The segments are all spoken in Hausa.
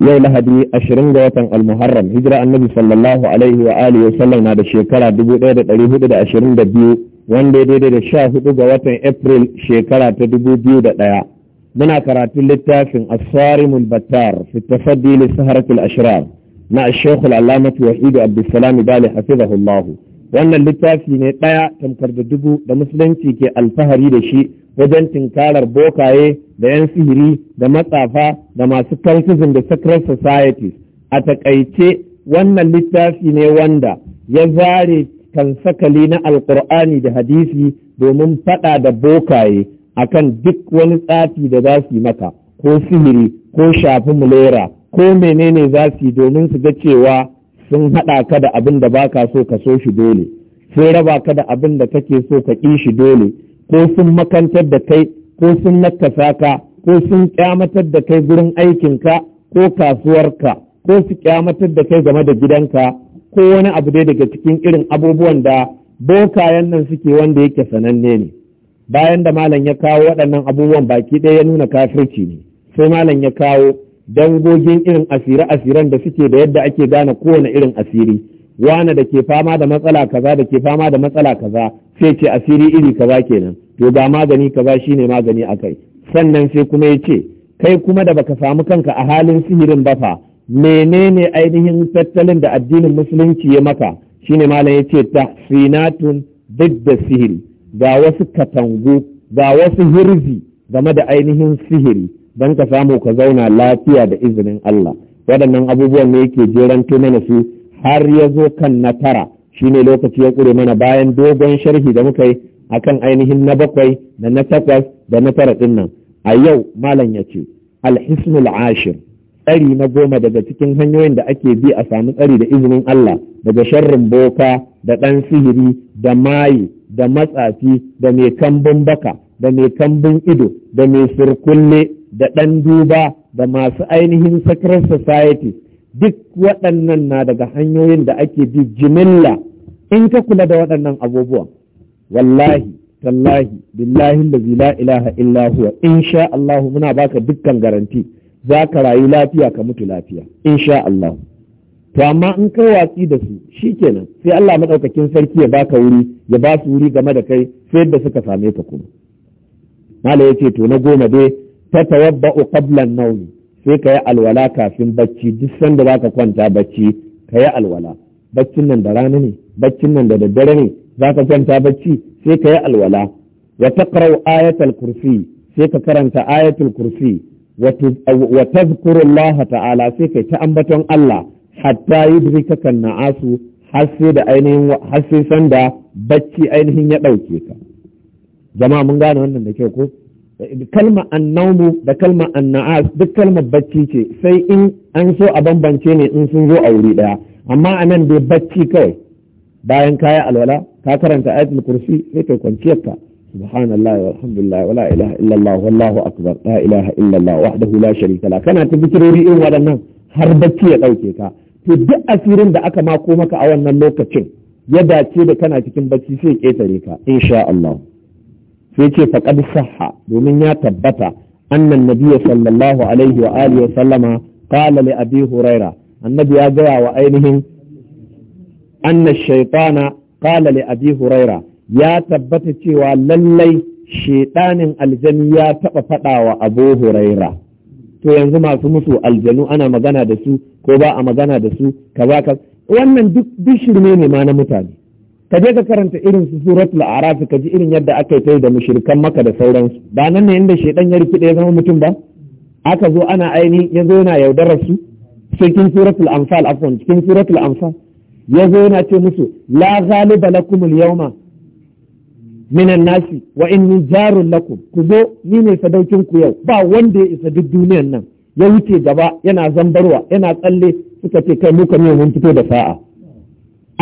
yau lahadi ashirin ga watan almuharram hijira annabi sallallahu alaihi wa alihi wasallam na da shekara dubu ɗaya da ɗari hudu da ashirin da biyu wanda ya daidai da sha hudu ga watan april shekara ta dubu biyu da ɗaya muna karatun littafin asarimul battar fi tafaddi li saharatul ashrar na ashekul alamatu wahidu abdulsalam bali hafizahullahu wannan littafi ne ɗaya tamkar da dubu da musulunci ke alfahari da shi wajen tinkarar bokaye da 'yan sihiri da matsafa da masu cultism da secret societies a takaice wannan littafi ne wanda ya zare kansakali na alkur'ani da hadisi domin faɗa da bokaye akan duk wani tsafi da za su yi maka ko sihiri ko shafi mulera ko menene za su yi domin su ga cewa sun haɗa ka da abin da baka so ka so shi dole sun raba ka da abin da kake so ka ƙi shi dole ko sun makantar da kai ko sun nakasa ka ko sun kyamatar da kai gurin aikinka ko kasuwarka ko su kyamatar da kai game da gidanka ko wani abu dai daga cikin irin abubuwan da bokayen nan suke wanda yake sananne ne bayan da malam ya kawo waɗannan abubuwan baki ɗaya ya nuna kafirci ne sai malam ya kawo dangogin irin asire asiran da suke da yadda ake gane kowane irin asiri wane da ke fama da matsala kaza da ke fama da matsala kaza sai ce asiri iri kaza kenan to ga magani kaza shine magani akai sannan sai kuma ya ce kai kuma da baka samu kanka a halin sihirin ba fa menene ainihin tattalin da addinin musulunci ya maka shine malam ya ce ta. duk da sihiri ga wasu katangu ga wasu hirzi game da ainihin sihiri don ka samu ka zauna lafiya da izinin Allah waɗannan abubuwan ne yake jeranto mana su har ya zo kan na tara ne lokaci ya ƙure mana bayan dogon sharhi da muka yi a kan ainihin na bakwai da na takwas da na tara ɗin nan a yau malam ya ce alhismul ashir tsari na goma daga cikin hanyoyin da ake bi a samu tsari da izinin Allah daga sharrin boka da ɗan sihiri da mayi da matsafi da mai kambun baka da mai kambun ido da mai surkulle da ɗan duba da masu ainihin sakarar society duk waɗannan na daga hanyoyin da ake bi jimilla in ka kula da waɗannan abubuwan wallahi tallahi billahi lazi la ilaha illa huwa insha Allah muna baka dukkan garanti za ka rayu lafiya ka mutu lafiya insha Allah to amma in kai watsi da su shi shikenan sai Allah madaukakin sarki ya baka wuri ya ba su wuri game da kai sai da suka same ka kuma mala yace to na goma dai ta tawabba'u qabla an sai ka yi alwala kafin bacci duk sanda zaka kwanta bacci ka yi alwala baccin nan da rana ne baccin nan da daddare ne zaka kwanta bacci sai ka yi alwala wa taqra'u ayatul kursi sai ka karanta ayatul kursi wa tazkuru Allah ta'ala sai kai ta ambaton Allah hatta yudrika kan na'asu har sai da ainihin har sai sanda bacci ainihin ya ɗauke ka jama'a mun gane wannan da kyau ko kalma annaumu da kalma anna'as duk kalmar bacci ce sai in an so a bambance ne in sun zo a wuri daya amma a nan dai bacci kawai bayan kaya alwala ka karanta ayatul kursi sai kai kwanciyarka subhanallah walhamdulillah wala ilaha illallah wallahu akbar la ilaha illallah wahdahu la sharika la kana ta zikirori irin waɗannan har bacci ya ɗauke ka to duk asirin da aka mako maka a wannan lokacin ya dace da kana cikin bacci sai ketare ka insha Allah yace faqad sahha domin ya tabbata annan nabiyyu sallallahu alaihi wa alihi wa sallama qala li abi huraira annabi ya gaya wa ainihin anna shaytana qala li abi huraira ya tabbata cewa lallai shaiɗanin aljani ya taɓa faɗawa wa abu huraira to yanzu masu musu aljanu ana magana da su ko ba a magana da su kaza ka wannan duk shirme ne ma na mutane ka je ka karanta irin su suratul arafi, ka ji irin yadda aka yi da mushrikan maka da sauransu ba nan ne inda shaidan ya rikide ya zama mutum ba aka zo ana ainihin ya zo yana yaudarar su cikin suratul amsal afwan cikin suratul amsal ya zo yana ce musu la ghaliba lakum al-yawma minan nasi wa inni jarun lakum ku zo ni ne sadaukin ku yau ba wanda ya isa duk duniyan nan ya wuce gaba yana zambarwa yana tsalle suka ce kai mu kan mun fito da sa'a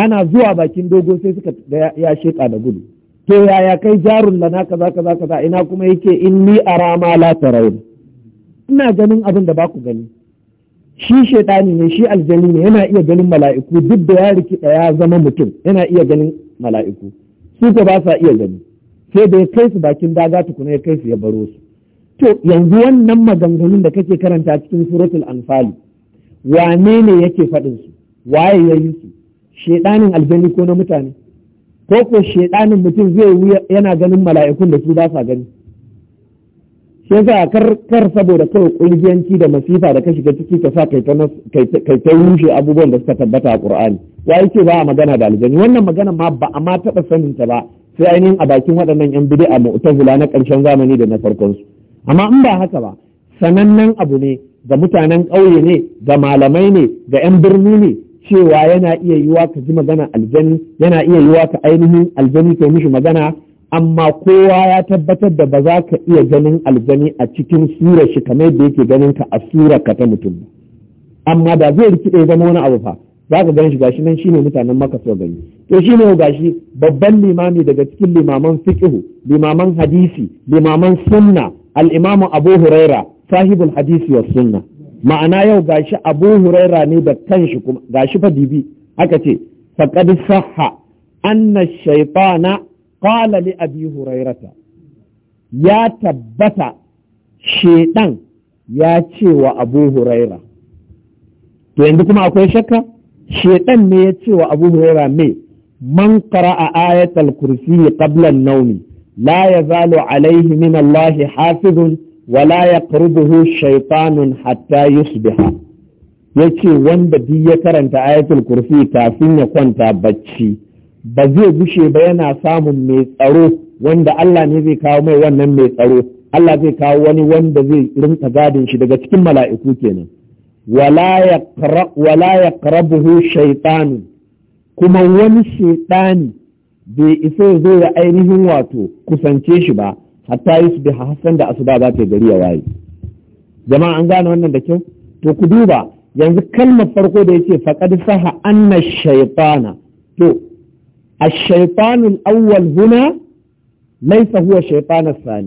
ana zuwa bakin dogo sai suka ya sheƙa da gudu to yaya kai jarun lana kaza kaza kaza ina kuma yake a rama la tarawun ina ganin abin da baku ku gani shi shaitani ne shi aljani ne yana iya ganin mala'iku duk da ya rikida ya zama mutum yana iya ganin mala'iku su ko ba sa iya gani sai da ya kai su bakin daga tukuna ya kai su ya baro su to yanzu wannan maganganun da kake karanta cikin suratul anfali wane ne yake faɗin su waye ya yi su shaiɗanin aljani ko na mutane ko ko mutum zai wuya yana ganin mala'ikun da su ba sa gani sai ga kar saboda kawai ƙungiyanci da masifa da ka shiga ciki ka sa kai ta rushe abubuwan da suka tabbata a qur'ani ya ce ba a magana da aljani wannan magana ma ba a ma taɓa sanin ta ba sai ainihin a bakin waɗannan yan bid'a mu'tazila na ƙarshen zamani da na farkon su amma in ba haka ba sanannen abu ne ga mutanen ƙauye ne ga malamai ne ga yan birni ne cewa yana iya yiwa ka ji magana aljani yana iya yiwa ka ainihin aljani ka mishi magana amma kowa ya tabbatar da ba za ka iya ganin aljani a cikin sura shi kamar da yake ganin ka a sura ka ta mutum amma da zai rikide zama wani abu fa za ka gan shi gashi nan shine mutanen maka so gani to shine gashi babban limami daga cikin limaman fiqhu limaman hadisi limaman sunna al-imamu abu huraira sahibul hadisi was sunna ma'ana yau gashi abu huraira ne da kanshi kuma gashi fa dibi aka ce faqad sahha anna shaytana qala li abi hurairata ya tabbata shedan ya ce wa abu huraira to yanzu kuma akwai shakka shedan ne ya ce wa abu huraira me man qara'a ayatal kursi qabla an-nawmi la yazalu alayhi min allahi hafizun wala ya qurbuhu shaytanun hatta yusbiha yace wanda duk ya karanta ayatul kursi kafin ya kwanta bacci ba zai gushe ba yana samun mai tsaro wanda Allah ne zai kawo mai wannan mai tsaro Allah zai kawo wani wanda zai rinka gadin shi daga cikin mala'iku kenan wala ya qarabuhu kuma wani shaytani bai isa zo ya ainihin wato kusance shi ba hatta yusbiha hasan da asuba za ta gari ya waye jama'a an gane wannan da kyau to ku duba yanzu kalmar farko da yace faqad saha anna shaytana to الشيطان الأول هنا sani da الشيطان anna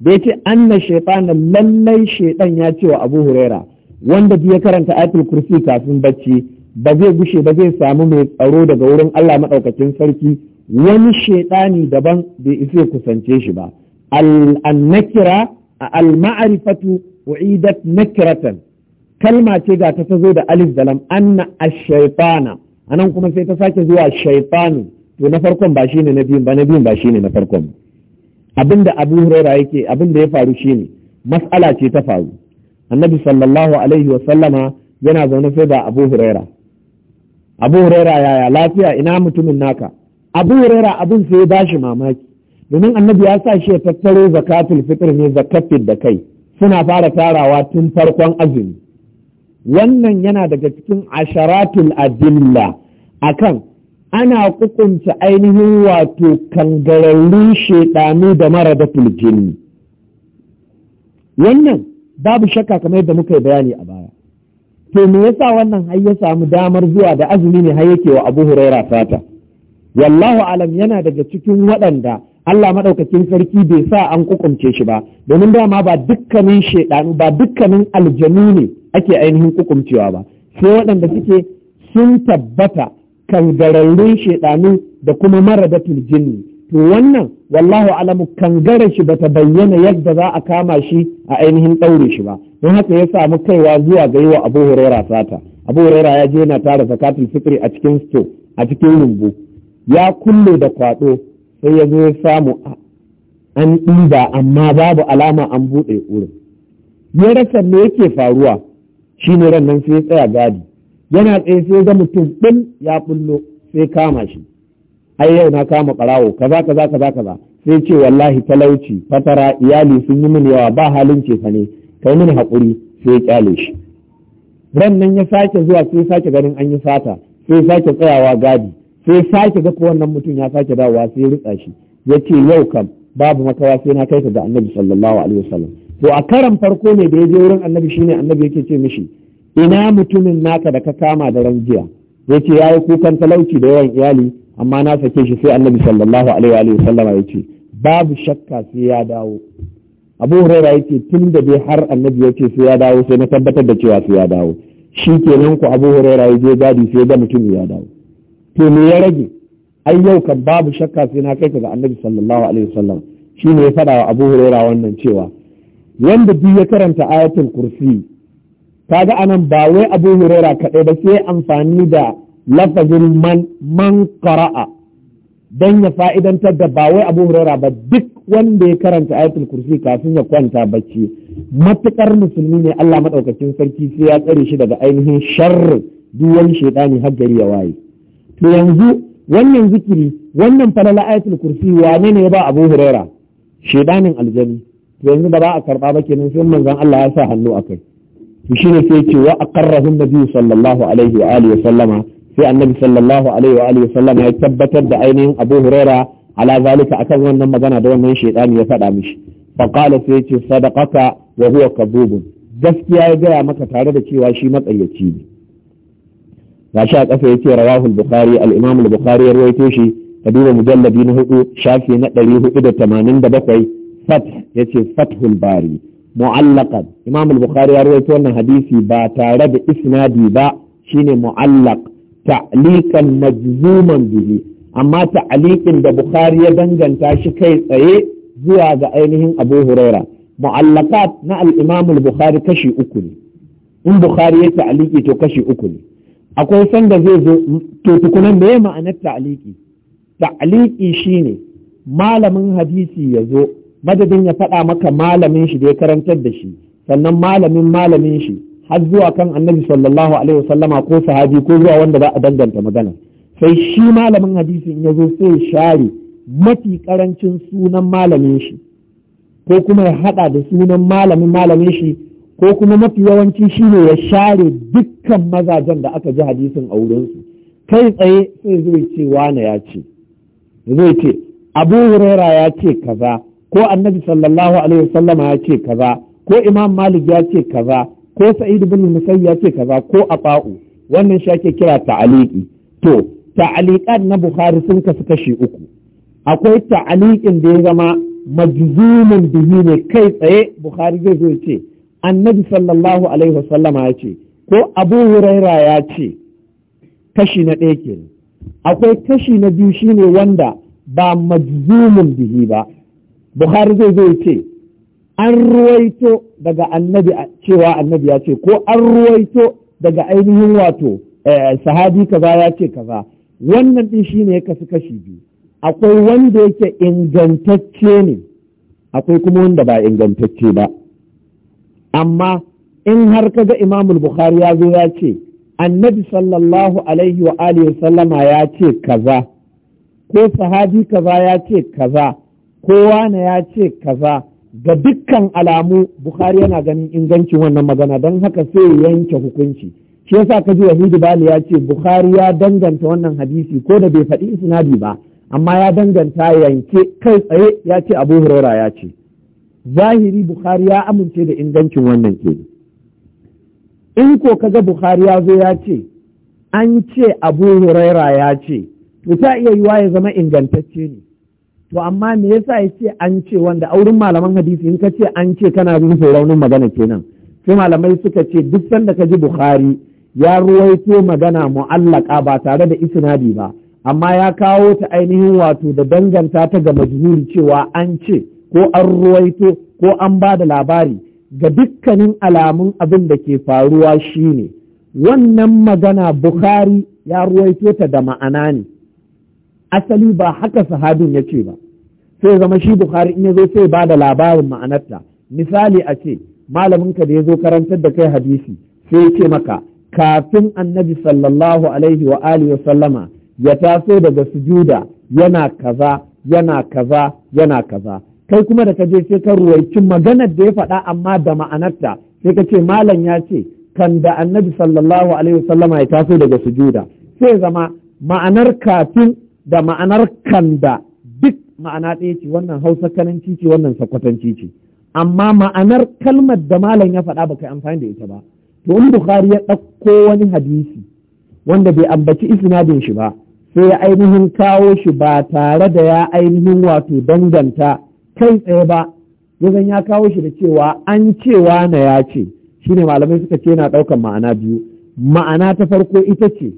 بيتي lallai الشيطان ya ce wa abu huraira wanda ya karanta ayatul kursi kafin bacci ba zai gushe ba zai samu mai tsaro daga wurin Allah maɗaukacin sarki wani shaiɗani daban bai isa kusance shi ba al-nakira al-ma'rifatu u'idat nakiratan kalma ce ga ta zo da alif da lam anna ash-shaytana anan kuma sai ta sake zuwa shaytanu to na farkon ba shine na biyun ba na biyun ba shine na farkon abinda Abu Hurairah yake abinda ya faru shine mas'ala ce ta faru annabi sallallahu alaihi wa sallama yana zaune sai da Abu Hurairah abu huraira yaya lafiya ina mutumin naka abu huraira abin sai ya bashi mamaki domin annabi ya sa shi ya tattaro zakatul fitr ne zakatul da kai suna fara tarawa tun farkon azumi wannan yana daga cikin asharatul adilla akan ana kukunta ainihin wato kangararrun shaidanu da maradatul jinni wannan babu shakka kamar yadda muka yi bayani a baya to me yasa wannan har ya samu damar zuwa da azumi ne har yake wa Abu Huraira fata wallahu alam yana daga cikin waɗanda Allah maɗaukacin sarki bai sa an kukumce shi ba domin dama ba dukkanin shedanu ba dukkanin aljanu ne ake ainihin kukumcewa ba sai waɗanda suke sun tabbata kangararrun shedanu da kuma maradatul jinni to wannan wallahu alamu kangare shi bata bayyana yadda za a kama shi a ainihin ɗaure shi ba don haka ya samu kaiwa zuwa ga yiwa abu huraira sata abu huraira ya je yana tara zakatul fitri a cikin sto a cikin rumbu ya kulle da kwaɗo sai ya zo ya samu an ɗiba amma babu alama an buɗe wurin ya rasa me yake faruwa shine ran nan sai ya tsaya gadi yana tsaye sai ga mutum ɗin ya bullo sai kama shi ai yau na kama ɓarawo kaza kaza kaza kaza sai ce wallahi talauci fatara iyali sun yi mini yawa ba halin ce ne kai mini haƙuri sai ya kyale shi ran nan ya sake zuwa sai sake ganin an yi fata sai sake tsayawa gadi sai sake ga wannan mutum ya sake dawowa sai ya rutsa shi ya ce yau kam babu makawa sai na kai ka ga annabi sallallahu alaihi wasallam to a karan farko ne da ya je wurin annabi shine annabi yake ce mishi ina mutumin naka da ka kama da ran jiya ya yayi kukan talauci da yawan iyali amma na sake shi sai annabi sallallahu alaihi wa sallama ya ce babu shakka sai ya dawo abu huraira yake tun da dai har annabi ya ce sai ya dawo sai na tabbatar da cewa sai ya dawo shi kenan ku abu huraira ya je gadi sai ga mutum ya dawo to me ya rage ai yau kan babu shakka sai na kai ka ga annabi sallallahu alaihi shi shine ya fada wa abu huraira wannan cewa wanda duk ya karanta ayatul kursi kaga anan ba wai abu huraira kadai ba sai amfani da lafazin man man qara'a dan ya fa'idantar da ba wai Abu Huraira ba duk wanda ya karanta ayatul kursi kafin ya kwanta bacci matukar musulmi ne Allah madaukakin sarki sai ya tsare shi daga ainihin sharri duk wani shaytani har gari ya waye to yanzu wannan zikiri wannan falala ayatul kursi wane ne ya ba Abu Huraira shaytanin aljani to yanzu da ba a karba ba kenan sai manzon Allah ya sa hannu akai to shine sai ya ce wa aqarrahu nabi sallallahu alaihi wa alihi wa sallama sai annabi sallallahu alaihi wa alihi sallam ya tabbatar da ainihin abu huraira ala zalika akan wannan magana da wannan shaitani ya faɗa mishi fa qala sai yace sadaqaka wa huwa kadhubun gaskiya ya gaya maka tare da cewa shi matsayaci ne gashi a ƙasa yace rawahu al-bukhari al-imam al-bukhari ya rawaito shi ka mujalladi na hudu shafi na ɗari hudu da tamanin da bakwai fat yace fathul bari mu'allaqan imam al-bukhari ya rawaito wannan hadisi ba tare da isnadi ba shine mu'allaq ta'liqan majzuman bihi amma ta'liqin da bukhari ya danganta shi kai tsaye zuwa ga ainihin abu huraira mu'allaqat na al-imam al-bukhari kashi uku ne in bukhari ya ta'liqi to kashi uku ne akwai sanda zai zo to tukunan me ma'anar Ta'aliki ta'liqi shine malamin hadisi ya zo madadin ya faɗa maka malamin shi da ya karantar da shi sannan malamin malamin shi har zuwa kan annabi sallallahu alaihi wasallama ko sahabi ko zuwa wanda za a danganta magana sai shi malamin hadisi in ya zo sai share mafi karancin sunan malamin shi ko kuma ya hada da sunan malamin malamin shi ko kuma mafi yawanci shi ne ya share dukkan mazajen da aka ji hadisin a wurinsu kai tsaye sai zai ce wane ya ce zai ce abu huraira ya ce kaza ko annabi sallallahu alaihi wasallama ya ce kaza ko imam malik ya ce kaza ko sa'id bin musayyib ya ce kaza ko afa'u wannan shi ake kira ta'aliki to ta'aliqat na bukhari sun kasu kashi uku akwai ta'aliqin da ya zama majzumin bihi ne kai tsaye bukhari zai zo ce annabi sallallahu alaihi ya ce ko abu huraira ya ce kashi na ɗaya kenan akwai kashi na biyu shine wanda ba majzumin bihi ba bukhari zai zo ce an ruwaito daga annabi cewa annabi ya ce ko an ruwaito daga ainihin wato eh, sahabi kaza ya ce kaza wannan din shine ya kasu kashi biyu akwai wanda yake ingantacce ne akwai kuma wanda ba ingantacce ba amma in har kaga imamul bukhari ya zo ya ce annabi sallallahu alaihi wa alihi sallama ya ce kaza ko sahabi kaza ya ce kaza kowa na ya ce kaza ga dukkan alamu bukhari yana ganin ingancin wannan magana don haka sai yanke hukunci shi yasa ka ji wahidu bali ya ce bukhari ya danganta wannan hadisi ko da bai faɗi sinadi ba amma ya danganta yanke kai tsaye ya ce abu huraira ya ce zahiri bukhari ya amince da ingancin wannan ke in ko ga bukhari ya zo ya ce an ce abu huraira ya ce to ta iya yiwa ya zama ingantacce ne to amma me yasa ya ce an ce wanda auren malaman hadisi in ka ce an ce kana rufe raunin magana kenan sai malamai suka ce duk sanda ka ji bukhari ya ruwaito magana mu'allaka ba tare da isnadi ba amma ya kawo ta ainihin wato da danganta ta ga majhuri cewa an ce ko an ruwaito ko an ba da labari ga dukkanin alamun abin da ke faruwa shine wannan magana bukhari ya ruwaito ta da ma'ana ne asali ba haka sahabin ya ce ba sai zama shi bukhari in ya zo sai ba da labarin ma'anarta misali a ce malaminka da ya zo karantar da kai hadisi sai ya ce maka kafin annabi sallallahu alaihi wa alihi sallama ya taso daga sujuda yana kaza yana kaza yana kaza kai kuma da ka je sai ka ruwaicin maganar da ya faɗa amma da ma'anarta sai ka ce malam ya ce kan da annabi sallallahu alaihi sallama ya taso daga sujuda sai zama ma'anar kafin da ma'anar kanda duk ma'ana ɗaya ce wannan hausa kananci ce wannan sakwatanci ce amma ma'anar kalmar da malam ya faɗa ba kai amfani da ita ba to in bukhari ya ɗauko wani hadisi wanda bai ambaci isnadin shi ba sai ya ainihin kawo shi ba tare da ya ainihin wato danganta kai tsaye ba yanzu ya kawo shi da cewa an cewa na ya ce shine malamai suka ce yana ɗaukan ma'ana biyu ma'ana ta farko ita ce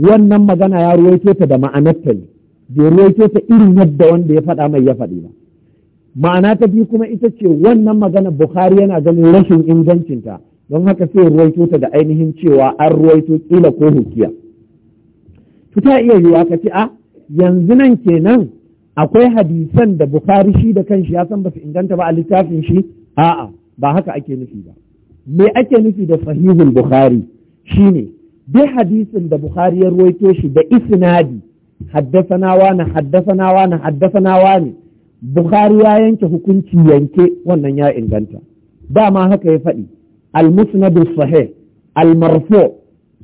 wannan magana ya ruwaito ta da ma'anarta ne bai ruwaito ta irin yadda wanda ya faɗa mai ya faɗi ba ma'ana ta biyu kuma ita ce wannan magana bukhari yana ganin rashin ingancinta don haka sai ruwaito ta da ainihin cewa an ruwaito ƙila ko hukiya ta iya yiwa ka ce a yanzu nan kenan akwai hadisan da bukhari shi da kanshi ya san ba su inganta ba a littafin shi a'a ba haka ake nufi ba me ake nufi da sahihul bukhari shi ne. duk hadisin da Bukhari ya ruwaito shi da isnadi haddasana wani haddasana wani haddasana wani Bukhari ya yanke hukunci yanke wannan ya inganta dama haka ya faɗi al-musnad sahih al-marfu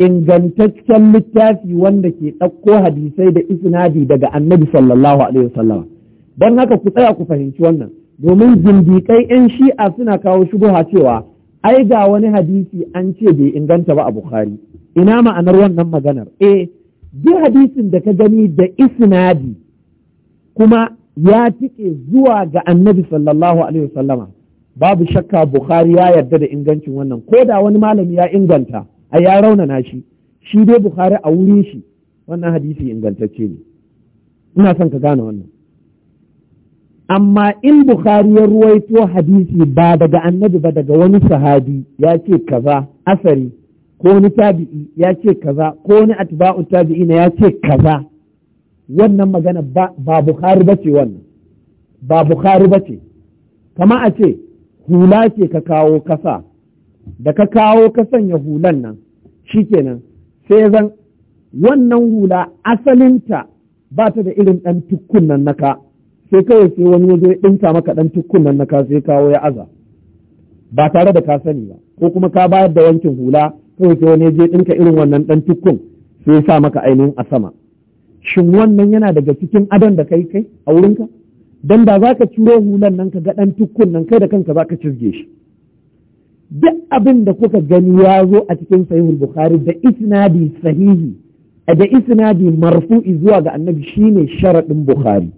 ingantaccen littafi wanda ke ɗauko hadisai da isnadi daga annabi sallallahu don haka ku tsaya ku fahimci wannan domin zindikai 'yan shi'a suna kawo shubuha cewa ai ga wani hadisi an ce bai inganta ba a bukhari ina ma'anar wannan maganar eh duk hadisin da ka gani da isnadi kuma ya tike zuwa ga annabi sallallahu alaihi wasallama babu shakka bukhari ya yarda da ingancin wannan ko da wani malami ya inganta a ya raunana shi shi dai bukhari a wurin shi wannan hadisi ingantacce ne ina son ka gane wannan amma in bukhari ya ruwaito hadisi ba daga annabi ba daga wani sahabi ya ce kaza asari ko wani tabi'i ya ce kaza ko wani atba'u tabi'i ya ce kaza wannan magana ba bukhari bace wannan ba bukhari bace kama a ce hula ce ka kawo kasa da ka kawo ka sanya hulan nan shikenan sai zan wannan hula asalinta ba ta da irin ɗan tukkun nan naka sai kawai sai wani wajen ya ɗinka maka ɗan tukkun nan naka sai kawo ya aza ba tare da ka sani ba ko kuma ka bayar da wankin hula kawai sai wani je ɗinka irin wannan ɗan tukkun sai ya sa maka ainihin a sama shin wannan yana daga cikin adon da kai kai a wurinka dan da zaka ciro hulan nan ka ga ɗan tukun nan kai da kanka ka cizge shi duk abin da kuka gani ya zo a cikin sahihul bukhari da isnadi sahihi da isnadi marfu'i zuwa ga annabi shine sharaɗin bukhari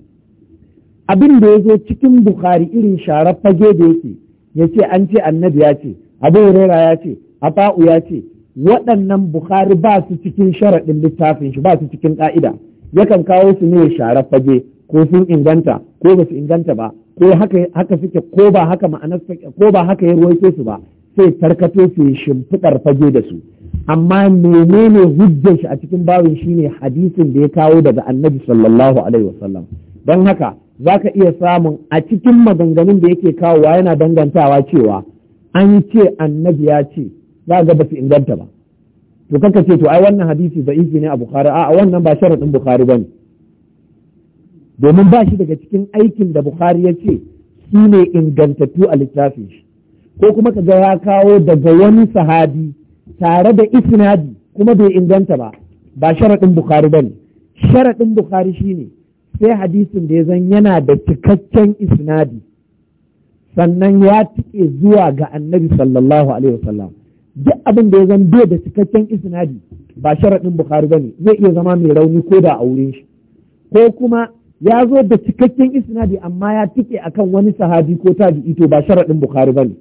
abin da ya zo cikin bukhari irin sharar fage da yake ya ce an ce annabi ya ce abu huraira ya ce afa'u ya ce waɗannan bukhari ba su cikin sharaɗin littafin shi ba su cikin ƙa'ida yakan kawo su ne share fage ko sun inganta ko ba su inganta ba ko haka suke ko ba haka ma'anar ko ba haka ya ruwaito su ba sai tarkato su yi shimfiɗar fage da su amma menene hujjar shi a cikin babin shine hadisin da ya kawo daga annabi sallallahu alaihi wasallam don haka za ka iya samun a cikin maganganun da yake kawowa yana dangantawa cewa an ce annabi ya ce za ga ba su inganta ba to kanka ce to ai wannan hadisi da'ifi ne a bukhari a wannan ba sharaɗin bukhari bane domin ba shi daga cikin aikin da bukhari ya ce shi ne ingantattu a littafin shi ko kuma ka ga ya kawo daga wani sahabi tare da isnadi kuma bai inganta ba ba sharaɗin bukhari bane sharaɗin bukhari shine sai hadisin da ya zan yana da cikakken isnadi sannan ya tike zuwa ga annabi sallallahu alaihi wasallam duk abin da ya zan bai da cikakken isnadi ba sharaɗin bukhari ba ne zai iya zama mai rauni ko da a wurin shi ko kuma ya zo da cikakken isnadi amma ya tike akan wani sahabi ko tabi'i to ba sharaɗin bukhari ba ne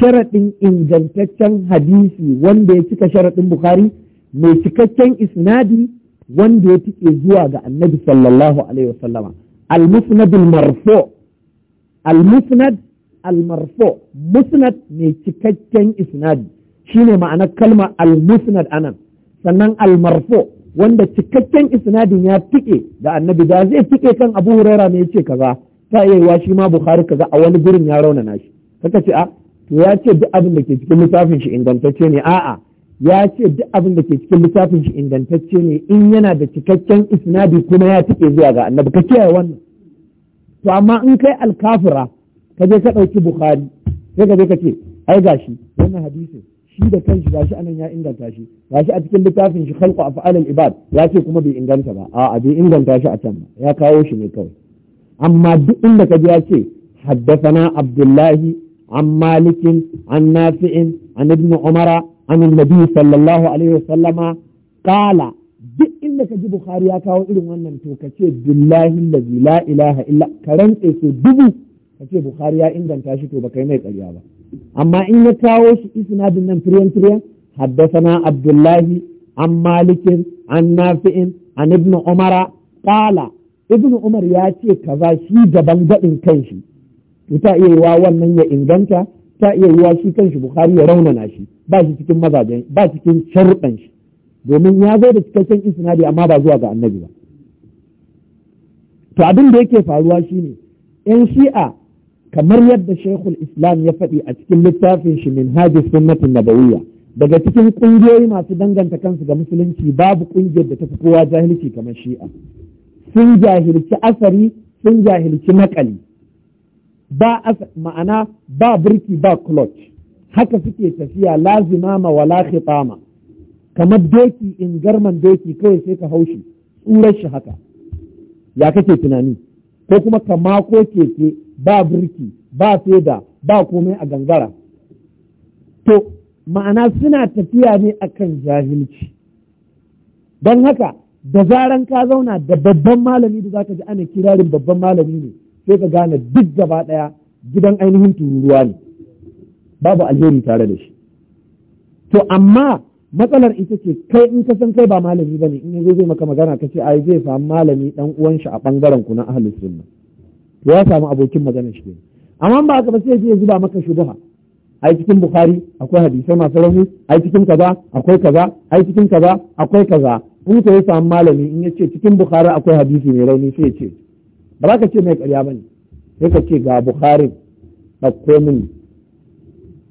sharaɗin ingantaccen hadisi wanda ya cika sharaɗin bukhari mai cikakken isnadi wanda ya tike zuwa ga annabi sallallahu alaihi wasallama al-musnad al-marfu al-musnad al-marfu musnad mai cikakken isnadi shine ma'anar kalma al-musnad anan sannan al-marfu wanda cikakken isnadin ya tike da annabi da zai tike kan Abu Huraira ne yace kaza ta iya yiwa shi ma Bukhari kaza a wani gurin ya rauna shi kaka ce a ah, to ya ce duk abin da ke cikin littafin shi ingantacce ne a'a ya ce duk abin da ke cikin littafin shi ingantacce ne in yana da cikakken isnadi kuma ya tike zuwa ga annabi ka kiyaye wannan to amma in kai alkafira ka je ka ɗauki Bukhari sai ka je ka ce ai gashi wannan hadisin shi da kanshi gashi anan ya inganta shi Bashi a cikin littafin shi khalqu af'alil ibad ya ce kuma bai inganta ba a'a bai inganta shi a can ba ya kawo shi ne kawai amma duk inda ka ji ya ce haddathana abdullahi an malikin an nafi'in an ibn umara an annabi sallallahu alaihi wasallama qala duk inda ka ji bukhari ya kawo irin wannan to ka ce billahi allazi la ilaha illa ka rantse su dubu ka ce bukhari ya inganta shi to baka yi mai ƙarya ba amma in ya kawo shi isnadin nan firyan firyan haddasa na Abdullahi, عن مالك عن نافع عن ابن عمر قال ابن عمر يا ce kaza shi gaban gadin kanshi ta iya yiwa wannan ya inganta ta iya yiwa shi kanshi bukhari ya raunana shi ba shi cikin mazajen ba cikin sharuɗan shi domin ya zo da cikakken isnadi amma ba zuwa ga annabi ba to abin da yake faruwa shine yan shi'a kamar yadda shekul islam ya faɗi a cikin littafin shi min hajji sunnatin nabawiyya daga cikin ƙungiyoyi masu danganta kansu ga musulunci babu ƙungiyar da ta fi kowa jahilci kamar shi'a sun jahilci asari sun jahilci nakali ba ma'ana ba burki ba clutch haka suke tafiya lazima ma wala khitama kamar doki in garman doki kawai sai ka haushi tsurar shi haka ya kake tunani ko kuma ka mako keke ba birki, ba feda ba komai a gangara to ma'ana suna tafiya ne akan jahilci don haka da zaran ka zauna da babban malami da zaka ji ana kirarin babban malami ne sai ka gane duk gaba ɗaya gidan ainihin tururuwa ne babu alheri tare da shi to amma matsalar ita ce kai in ka san kai ba malami ba ne, in yazo zai maka magana ka ce, ai zai samu malami ɗan uwan shi a bangaren ku na ahlus ya samu abokin magana shi amma ba haka ba sai ya zuba maka shubha ai cikin bukhari akwai hadisai masu rauni ai cikin kaza akwai kaza ai cikin kaza akwai kaza in ka yi samu malami in ya ce cikin bukhari akwai hadisi mai rauni sai ya ce ba za ka ce mai karya bane sai ka ce ga bukhari ɗauko min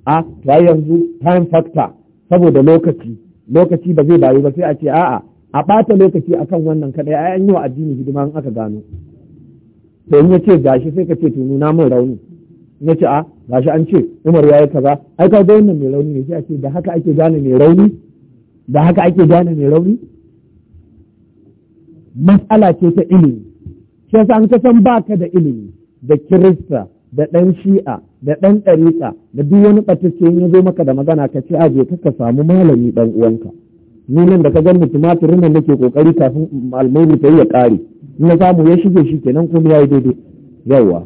a ta yanzu time factor saboda lokaci lokaci ba zai bayu ba sai a ce a'a a ɓata lokaci akan wannan kaɗai ai an yi wa addini hidima in aka gano to in yace gashi sai ka ce to nuna min rauni na ce a ah, gashi an ce Umar yayi kaza ai ka ga wannan mai rauni ne sai a ce da haka ake gane mai rauni da haka ake gane mai rauni mas'ala ce ta ilimi shi yasa an ka san baka da ilimi da kirista da ɗan shi'a da ɗan ɗariƙa da duk wani ɓatacce in ya zo maka da magana ka ce ah, je ka samu malami ɗan uwanka ni nan da ka ganni tumatirin nan nake kokari kafin almuru ta ya ƙare in samu ya shige shi kenan kuma ya yi daidai yawwa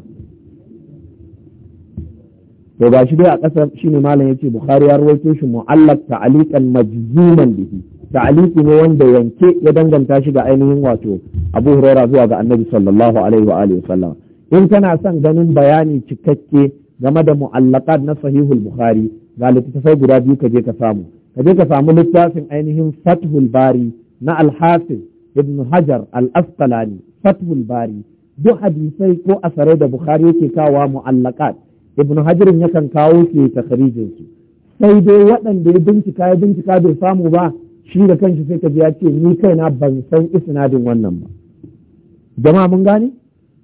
to ba shi dai a ƙasar shi ne malam yace bukhari ya rawaito shi mu'allaq ta'aliqan majzuman bihi ta'aliki ne wanda yanke ya danganta shi ga ainihin wato abu huraira zuwa ga annabi sallallahu alaihi wa alihi wasallam in kana son ganin bayani cikakke game da mu'allaqat na sahihul bukhari ga littattafai guda biyu ka je ka samu ka je ka samu littafin ainihin fathul bari na al-hafiz ibn hajar al-asqalani fathul bari duk hadisai ko asarai da bukhari yake kawo mu'allaqat ibn hajar yakan kawo su ta su sai dai waɗanda ya bincika ya bincika bai samu ba shi da kanshi sai ka ya ce ni kaina ban san isnadin wannan ba jama'a mun gane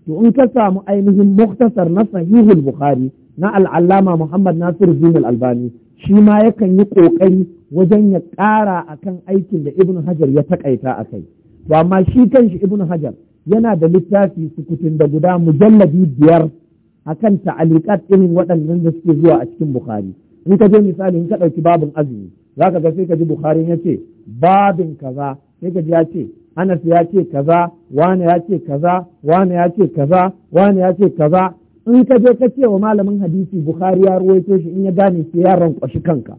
to in ka samu ainihin muktasar na sahihul bukhari na al'alama muhammad nasiru bin al-albani shi ma yakan yi ƙoƙari wajen ya ƙara akan aikin da ibn hajar ya taƙaita a kai to amma shi kanshi ibnu hajar yana da littafi sukutun da guda mujalladi biyar a akan ta'alikat irin waɗannan da suke zuwa a cikin bukhari in ka je misali in ka ɗauki babin azumi za ka ga sai ka ji bukhari ya ce babin kaza sai ka ji ya ce anas ya ce kaza wane ya ce kaza wane ya ce kaza wane ya ce kaza in ka je ka ce wa malamin hadisi bukhari ya ruwaito shi in ya gane sai ya ranƙwashi kanka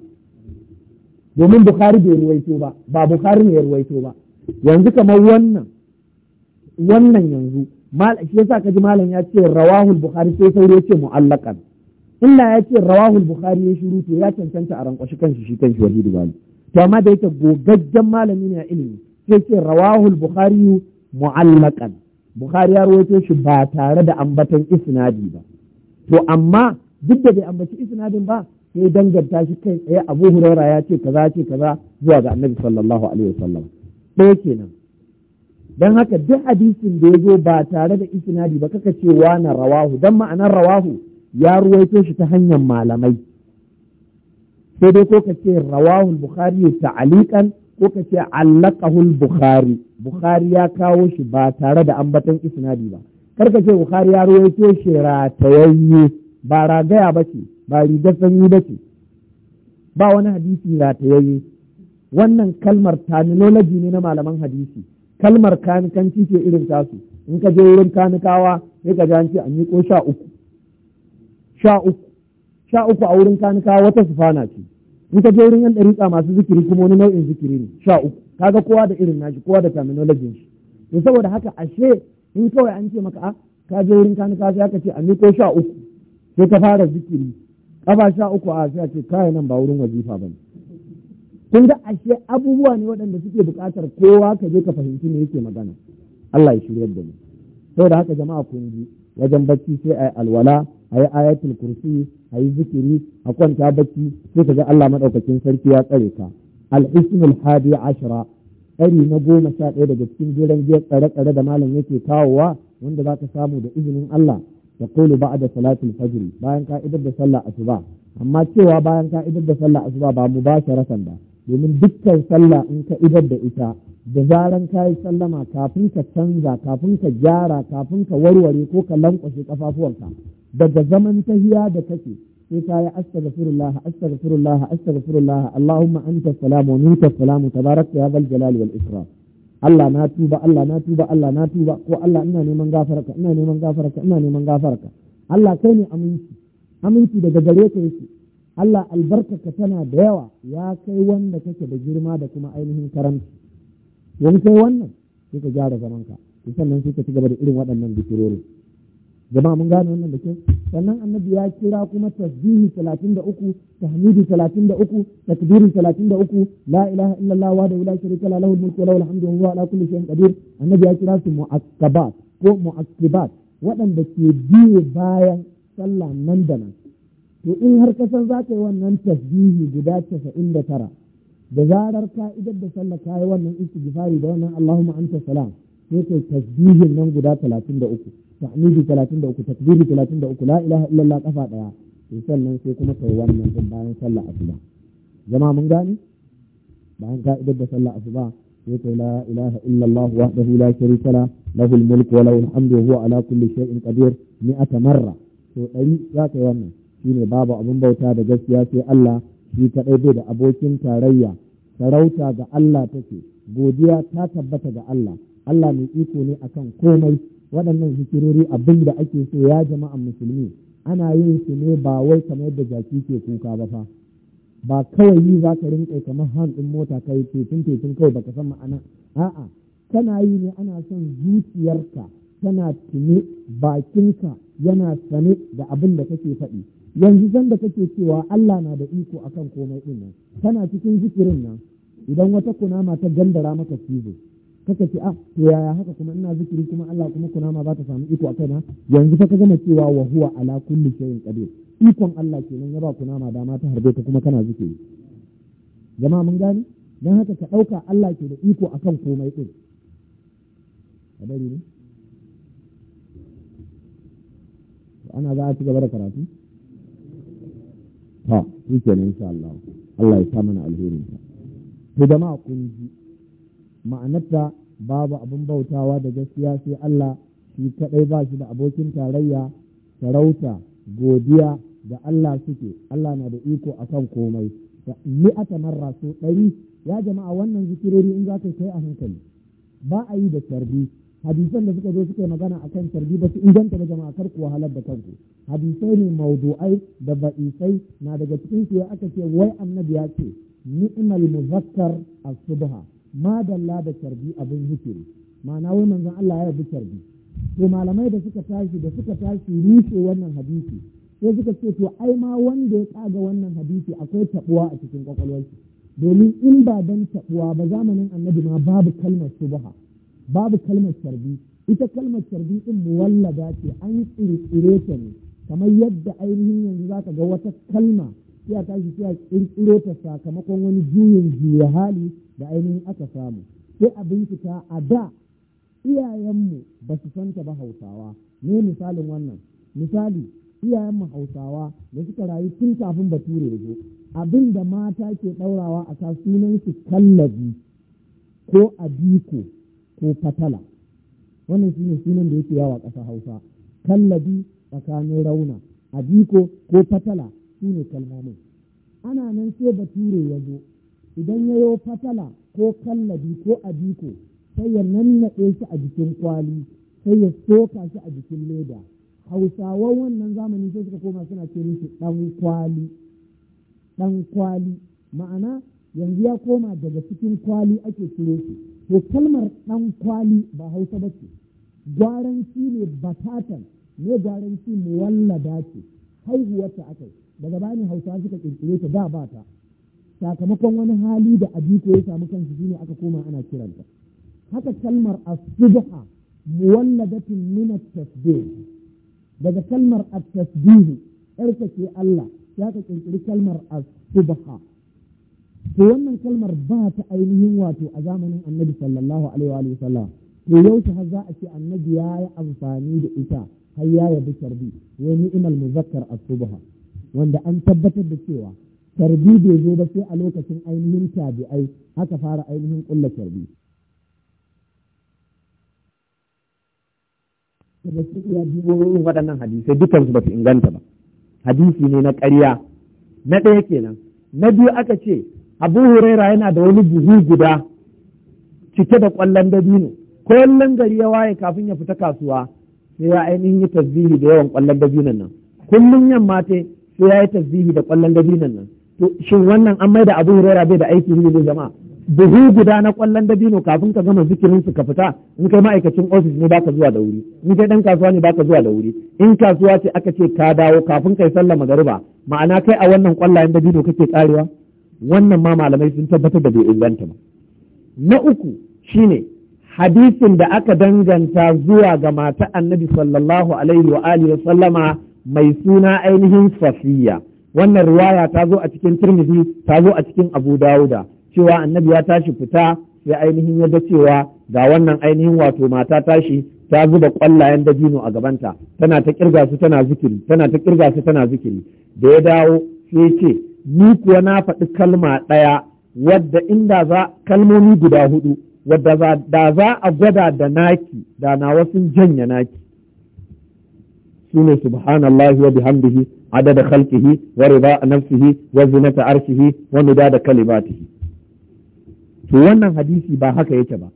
domin bukhari bai ruwaito ba ba bukhari ne ya ruwaito ba yanzu kamar wannan wannan yanzu shi yasa kaji malam ya ce rawahul bukhari sai sauro ce mu'allaqan illa ya ce rawahul bukhari ya shiru to ya cancanta a rankwashi kanshi shi kanshi wahidu bali to amma da yake gogaggen malami ne a ilimi sai ce rawahul bukhari mu'allaqan bukhari ya rawaito shi ba tare da ambaton isnadi ba to amma duk da bai ambaci isnadin ba sai danganta shi kai tsaye abu huraira ya ce kaza ce kaza zuwa ga annabi sallallahu alaihi wasallam ɗaya kenan don haka duk hadisin da ya zo ba tare da isinadi ba kaka ce na rawahu don ma'anar rawahu ya ruwaito shi ta hanyar malamai sai dai ko ka ce rawahul bukhari ta'alikan ko ka ce allaqahul bukhari bukhari ya kawo shi ba tare da ambaton isinadi ba kar ka ce bukhari ya ruwaito shi ratayayye ba ragaya ba ce ba rigar sanyi ba ce ba wani hadisi ratayayye wannan kalmar terminology ne na malaman hadisi kalmar kanikanci ce irin tasu in ka je wurin kanikawa sai ka ji a miƙo sha uku sha uku sha uku a wurin kanikawa wata sufana ce in ka je wurin yan ɗariƙa masu zikiri kuma wani nau'in zikiri ne sha uku kaga kowa da irin nashi kowa da terminology shi to saboda haka ashe in kawai an ce maka a ah, ka je wurin kanikawa sai aka ce a miƙo sha uku sai ka fara zikiri Ƙafa sha uku a sai ce kai nan ba wurin wazifa bane kun ga ashe abubuwa ne waɗanda suke buƙatar kowa ka je ka fahimci me yake magana Allah ya shiryar da mu saboda haka jama'a kun ji wajen bacci sai ayi alwala ayi ayatul kursi ayi zikiri a kwanta bacci sai ka ga Allah madaukakin sarki ya tsare ka al-ismul hadi ashara tsari na goma sha ɗaya daga cikin jiran jiya tsare-tsare da malam yake kawowa wanda za ka samu da izinin Allah ya kulu ba da salatul fajr bayan ka'idar da sallah asuba amma cewa bayan ka'idar da sallah asuba ba mu ba shi rasan ba domin dukkan sallah in ka idar da ita da zaran ka yi sallama kafin ka canza kafin ka gyara kafin ka warware ko ka lankwashe kafafuwanka daga zaman tahiya da kake sai ka yi astaghfirullah astaghfirullah astaghfirullah allahumma anta salamu wa minka salamu tabarakta ya zal jalali wal ikram Allah na tuba Allah na tuba Allah na tuba ko Allah ina neman gafararka ina neman gafararka ina neman gafararka Allah kai ne aminci aminci daga gare ka yake Allah albarkaka tana da yawa ya kai wanda kake da girma da kuma ainihin karanta yan kai wannan sai ka gyara zamanka sannan sai ka ci gaba da irin waɗannan bikirori jama'a mun gane wannan da kyau sannan annabi ya kira kuma tasbihi talatin da uku, tahmidi uku, takbiri talatin da uku, la ilaha illallah wa wula sharika la lahul mulku wa lahul hamdu wa huwa ala kulli shay'in qadir annabi ya kira su mu'akkabat ko mu'akkibat waɗanda ke biye bayan sallah nan da nan to in har ka san za ka yi wannan tasbihi guda casa'in da tara da zarar ka da sallah ka yi wannan istighfari da wannan Allahumma anta salam sai kai tasbihin nan guda talatin da uku ta'midi talatin da uku takbiri talatin da uku la ilaha illallah kafa ɗaya to sannan sai kuma kai wannan din bayan sallah asuba jama'a mun gane bayan ka idar da sallah asuba sai kai la ilaha illallah wahdahu la sharika la lahul mulku wa lahul hamdu wa huwa ala kulli shay'in qadir marra to ɗari za ka yi wannan ne babu abin bauta da gaskiya sai Allah shi kaɗai bai da abokin tarayya sarauta ga Allah ta ce. godiya ta tabbata ga Allah Allah mai iko ne a kan komai waɗannan hikirori abin da ake so ya jama'an musulmi ana yin su ne ba wai kamar da jaki ke kuka ba fa ba kawai yi za ka rinƙa kamar han mota mota yi tekun tekun kawai ka san ma'ana a'a kana yi ne ana son zuciyarka tana tuni bakinka yana sane da abin da kake faɗi yanzu sanda kake cewa Allah na da iko akan komai din kana cikin zikirin nan idan wata kunama ta gandara maka cizo kaka ce ah to yaya haka kuma ina zikiri kuma Allah kuma kunama ba ta samu iko akai na yanzu fa ka gama cewa wahuwa huwa ala kulli shay'in qadir ikon Allah kenan ya ba kunama dama ta harbe ta kuma kana zikiri zama mun gani dan haka ka ɗauka Allah ke da iko akan komai din a ne ana za a ci gaba da karatu ha shi kenan insha Allah Allah ya samu na alherin ta to jama'a kun ji ma'anarta babu abin bautawa da gaskiya sai Allah shi kadai ba shi da abokin tarayya sarauta godiya da Allah suke Allah na da iko akan komai da aka marra so ɗari ya jama'a wannan zikirori in za ka kai a hankali ba a yi da sarbi hadisan da suka zo suka magana a kan tarbi ba su inganta ba jama'a kar ku wahalar da kanku hadisai ne maudu'ai da ba'isai na daga cikin su aka ce wai annabi ya ce ni'mal muzakkar as-subha dalla da tarbi abin hikiri ma'ana wai manzon Allah ya yabi tarbi to malamai da suka tashi da suka tashi rufe wannan hadisi sai suka ce to ai ma wanda ya tsaga wannan hadisi akwai tabuwa a cikin kwakwalwarsa domin in ba don tabuwa ba zamanin annabi ma babu kalmar subha babu kalmar sharbi ita kalmar sharbi din muwallada ce an kirkire ta ne kamar yadda ainihin yanzu za ka ga wata kalma sai a tashi sai a kirkiro ta sakamakon wani juyin juya hali da ainihin aka samu sai a bincika a da iyayenmu ba su santa ba hausawa ne misalin wannan misali iyayenmu hausawa da suka rayu tun kafin bature ya zo abin da mata ke ɗaurawa a sunan su kallabi ko abiko ko fatala wannan shi ne sunan da yake yawa ƙasa hausa kallabi tsakanin rauna abiko ko fatala su ne kalmomin ana nan sai bature ya zo idan ya yo fatala ko kallabi ko abiko sai ya nannaɗe shi a jikin kwali sai ya soka shi a jikin leda hausawan wannan zamani sai suka koma suna ce mishi ɗan kwali ɗan kwali ma'ana yanzu ya koma daga cikin kwali ake ciro shi to kalmar ɗan kwali ba hausa ba ce gwaranci ne batatan ne gwaranci muwallada ce haihuwarta aka yi daga bani hausa suka kirkire ta da ba ta sakamakon wani hali da abiko ya samu kansu shine aka koma ana kiranta haka kalmar walla muwalladatin min at-tasbih daga kalmar at-tasbih yarka ce Allah ya ka kirkiri kalmar asubha to wannan kalmar ba ta ainihin wato a zamanin annabi sallallahu alaihi wa sallam to yaushe har za a ce annabi ya yi amfani da ita har ya yabi tarbi wai ni'mal muzakkar a subha wanda an tabbatar da cewa tarbi bai zo ba sai a lokacin ainihin tabi'ai haka fara ainihin kulla tarbi da su iya waɗannan hadisai dukansu ba su inganta ba hadisi ne na ƙarya na ɗaya kenan na biyu aka ce abu huraira yana da wani buhu guda cike da kwallon dabino kullum gari ya waye kafin ya fita kasuwa sai ya ainihin yi tasbihi da yawan kwallon dabinon nan kullum yamma mace sai ya yi tasbihi da kwallon dabinon nan to shin wannan an mai da abu huraira bai da aiki ne jama'a buhu guda na kwallon dabino kafin ka gama zikirin su ka fita in kai ma'aikacin ofis ne baka zuwa da wuri in kai dan kasuwa ne baka zuwa da wuri in kasuwa ce aka ce ka dawo kafin kai sallama magariba ma'ana kai a wannan kwallayen dabino kake karewa wannan ma malamai sun tabbatar da bai inganta ba na uku shine hadisin da aka danganta zuwa ga mata annabi sallallahu alaihi wa wa sallama mai suna ainihin safiya wannan riwaya ta zo a cikin tirmidhi ta zo a cikin abu dawuda cewa annabi ya tashi fita sai ainihin ya ga cewa ga wannan ainihin wato mata tashi ta zuba kwallayen dabino a gabanta tana ta kirga su tana zikiri tana ta kirga su tana zikiri da ya dawo sai ce ni kuwa na faɗi kalma ɗaya wadda inda za kalmomi guda hudu wadda da za a gwada da naki da na wasu janya naki Su ne subhanallah wa bihamdihi adada khalqihi wa rida nafsihi wa zinata arshihi wa midada kalimatihi to wannan hadisi ba haka yake ba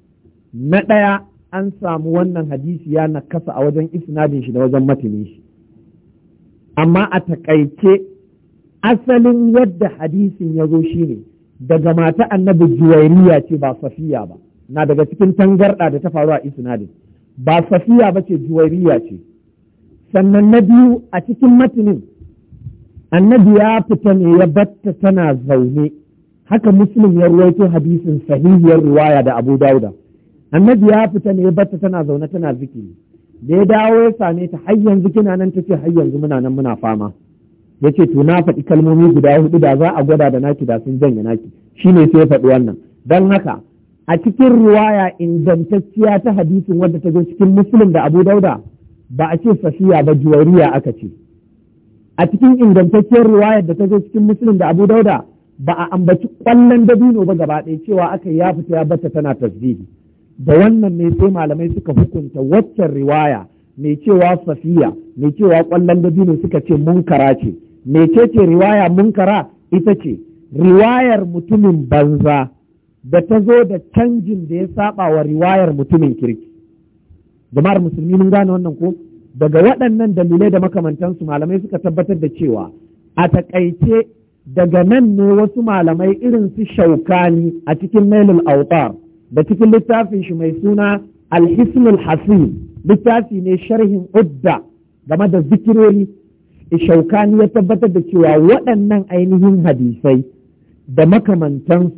na ɗaya an samu wannan hadisi ya nakasa a wajen isnadin shi da wajen matanin shi amma a takaice asalin yadda hadisin ya zo shine daga mata annabi juwairiya ce ba safiya ba na daga cikin tangarɗa da ta faru a isnadin ba safiya ba ce juwairiya ce sannan na biyu a cikin matinin annabi ya fita ne ya batta tana zaune haka muslim ya ruwaito hadisin sahihiyar ruwaya da abu dauda annabi ya fita ne ya batta tana zaune tana zikiri da ya dawo ya same ta har yanzu kina nan tace har yanzu muna nan muna fama ya ce to na faɗi kalmomi guda huɗu da za a gwada da naki da sun janye naki Shi ne sai faɗi wannan Don haka a cikin ruwaya ingantacciya ta hadisin wadda ta zo cikin musulun da abu dauda ba a ce safiya ba juwariya aka ce a cikin ingantacciyar ruwaya da ta zo cikin musulun da abu dauda ba a ambaci kwallon dabino ba gaba ɗaya cewa aka ya fita ya bata tana tasdidi da wannan ne sai malamai suka hukunta waccan riwaya mai cewa safiya mai cewa kwallon dabino suka ce munkara ce mecece riwaya munkara ita ce riwayar mutumin banza da ta zo da canjin da ya saba wa riwayar mutumin kirki jama'ar musulmi mun gane wannan ko daga waɗannan dalilai da makamantansu malamai suka tabbatar da cewa a takaice daga nan ne wasu malamai irin su shaukani a cikin mailul autar da cikin littafin shi mai suna alhisnul hasim littafi ne sharhin udda game da zikirori ishaukani ya tabbatar da cewa waɗannan ainihin hadisai da makamantansu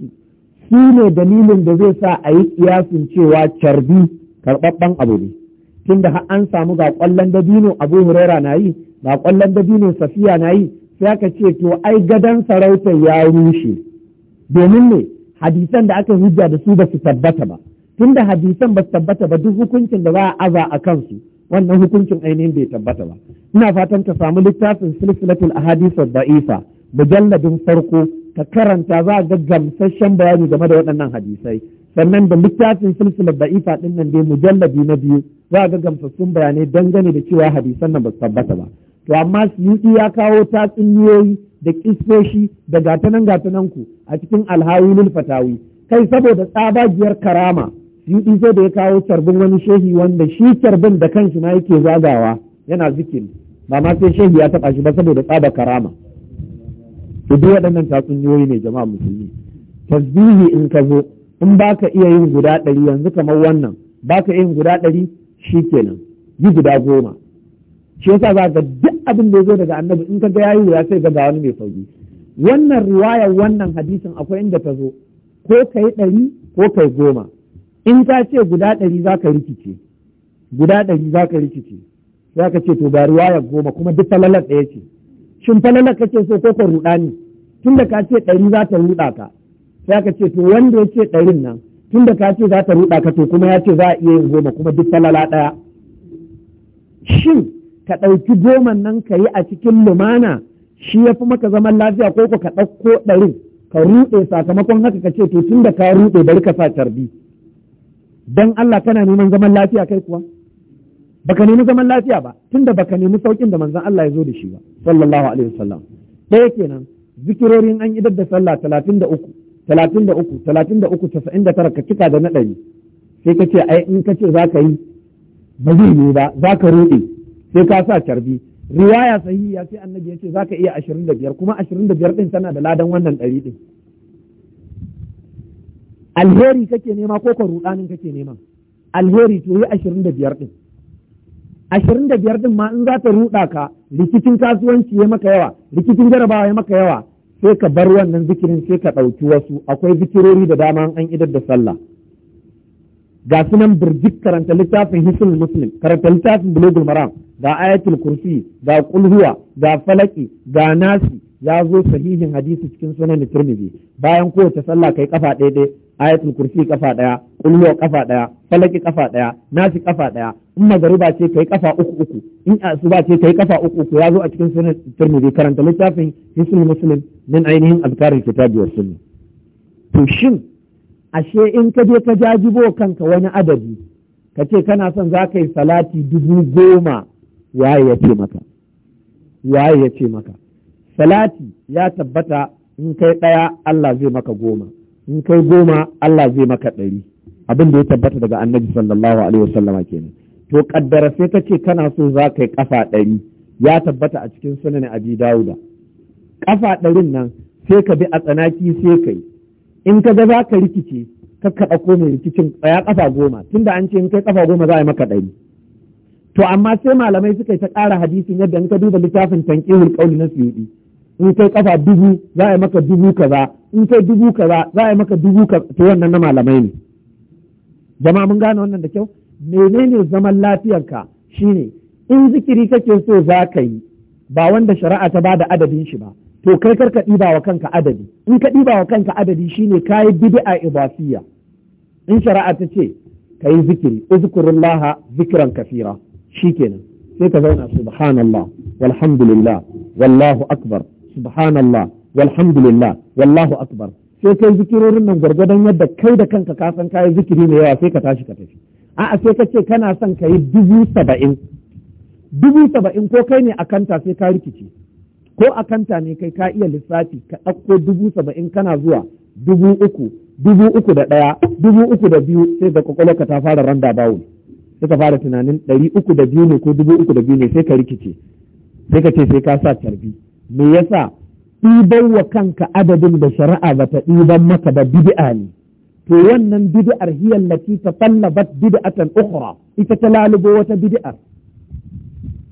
su ne dalilin da zai sa a yi kiyasin cewa carbi karɓaɓɓen abu ne tun da an samu ga ƙwallon dabino abu hurera na yi ga ƙwallon dabino safiya na yi sai aka ce to ai gadon Sarauta ya rushe domin ne hadisan da aka hujja da su ba su tabbata ba tun da hadisan ba su tabbata ba duk hukuncin da za a aza a kansu wannan hukuncin ainihin bai tabbata ba ina fatan ka samu littafin silsilatul ahadith da'ifa mujalladin farko ka karanta za ga gamsasshen bayani game da waɗannan hadisai sannan da littafin silsilar da'ifa din nan dai mujalladi na biyu za a ga gamsassun bayanai dangane da cewa hadisan nan ba su tabbata ba to amma su ya kawo tatsuniyoyi da kisoshi da gatanan gatanan ku a cikin alhawilul fatawi kai saboda tsabagiyar karama suyuɗi sai da ya kawo carbin wani shehi wanda shi carbin da kanshi ma yake zagawa yana zikin ba ma sai shehi ya taɓa shi ba saboda tsaba karama to duk waɗannan tatsuniyoyi ne jama'a musulmi tasbihi in ka zo in baka iya yin guda ɗari yanzu kamar wannan baka iya yin guda ɗari shi kenan yi guda goma shi yasa za ga duk abin da ya zo daga annabi in ka ga yayi wuya sai ga wani mai sauki wannan riwayar wannan hadisin akwai inda ta zo ko kai ɗari ko kai goma in ka ce guda ɗari za ka rikice guda ɗari za ka rikice za ka ce to ruwa ya goma kuma duk falalar ɗaya ce shin falalar kake so ko ka ruɗa ni tun da ka ce ɗari za ta ruɗa ka za ka ce to wanda ya ce ɗarin nan tun da ka ce za ta ruɗa ka to kuma ya ce za a iya yin goma kuma duk falala ɗaya shin ka ɗauki goman nan ka yi a cikin lumana shi ya fi maka zaman lafiya ko ka ɗauko ɗarin ka ruɗe sakamakon haka ka ce to tun da ka ruɗe bari ka sa carbi dan Allah kana neman zaman lafiya kai kuwa baka nemi zaman lafiya ba tunda baka nemi saukin da manzon Allah ya zo da shi ba sallallahu alaihi wasallam ɗaya kenan zikirorin an idar da sallah talatin da uku talatin da uku talatin da uku tasa'in da tara ka cika da na ɗari sai ka ce ai in ka ce za ka yi ba zai yi ba za ka ruɗe sai ka sa carbi riwaya sahihi ya ce annabi ya ce za ka iya ashirin da biyar kuma ashirin da biyar ɗin tana da ladan wannan ɗari ɗin alheri kake nema ko ka rudanin kake nema alheri to yi ashirin da biyar din ashirin da biyar din ma in za ta ruɗa ka rikicin kasuwanci ya maka yawa rikicin jarabawa ya maka yawa sai ka bar wannan zikirin sai ka ɗauki wasu akwai zikirori da dama an idar da sallah ga sunan birjik karanta littafin hisul muslim karanta littafin bulugul maram ga ayatul kursi ga kulhuwa ga falaki ga nasi ya zo sahihin hadisi cikin sunan tirmidhi bayan kowace sallah kai kafa ɗaya ayatul kursi kafa daya kullu kafa daya falaki kafa daya nasi kafa daya in magariba ce kai kafa uku uku in asuba ce kai kafa uku uku ya zo a cikin sunan tirmidhi karanta littafin hisnul muslim min ainihin azkarul kitabi was sunna to shin ashe in ka je ka jajibo kanka wani adadi ka ce kana son za ka yi salati dubu goma waye ya maka waye ya ce maka salati ya tabbata in kai ɗaya Allah zai maka goma in kai goma Allah zai maka ɗari abin da ya tabbata daga annabi sallallahu alaihi kenan to kaddara sai kace kana so za ka yi kafa ɗari ya tabbata a cikin sunan abi dauda kafa ɗarin nan sai ka bi a tsanaki sai ka yi in ka ga za ka rikice ka kaɗa ɗauko mai rikicin ya kafa goma tunda an ce in kai kafa goma za a yi maka ɗari to amma sai malamai suka yi ta ƙara hadisin yadda in ka duba littafin tanƙihul qawli na suyuɗi in kai kafa dubu za a yi maka dubu kaza in kai dubu kaza za a yi maka dubu kaza to wannan na malamai ne jama'a mun gane wannan da kyau menene zaman lafiyarka shine in zikiri kake so za ka yi ba wanda shari'a ta bada adadin shi ba to kai kar ka ɗiba wa kanka adadi in ka ɗiba wa kanka adadi shine kayi bid'a ibasiya. in shari'a ta ce ka yi zikiri uzkurullah zikran kafira shikenan sai ka zauna subhanallah walhamdulillah wallahu akbar subhanallah walhamdulillah wallahu akbar sai kai zikirorin nan gwargwadon yadda kai da kanka ka san kayi zikiri mai yawa sai ka tashi ka tafi a'a sai ka ce kana son ka yi dubu saba'in dubu saba'in ko kai ne akanta sai ka rikice ko akanta ne kai ka iya lissafi ka ɗauko dubu saba'in kana zuwa dubu uku dubu uku da ɗaya dubu uku da biyu sai da kwakwalwarka ta fara randa bawo sai ka fara tunanin ɗari uku da biyu ne ko dubu uku da biyu ne sai ka rikice sai ka ce sai ka sa carbi me yasa ɗiban wa kanka adadin da shari'a ba ta ɗiban maka ba bid'a ne to wannan bid'ar hiyar lati ta tallabat bid'atan ukhra ita ta lalubo wata bid'ar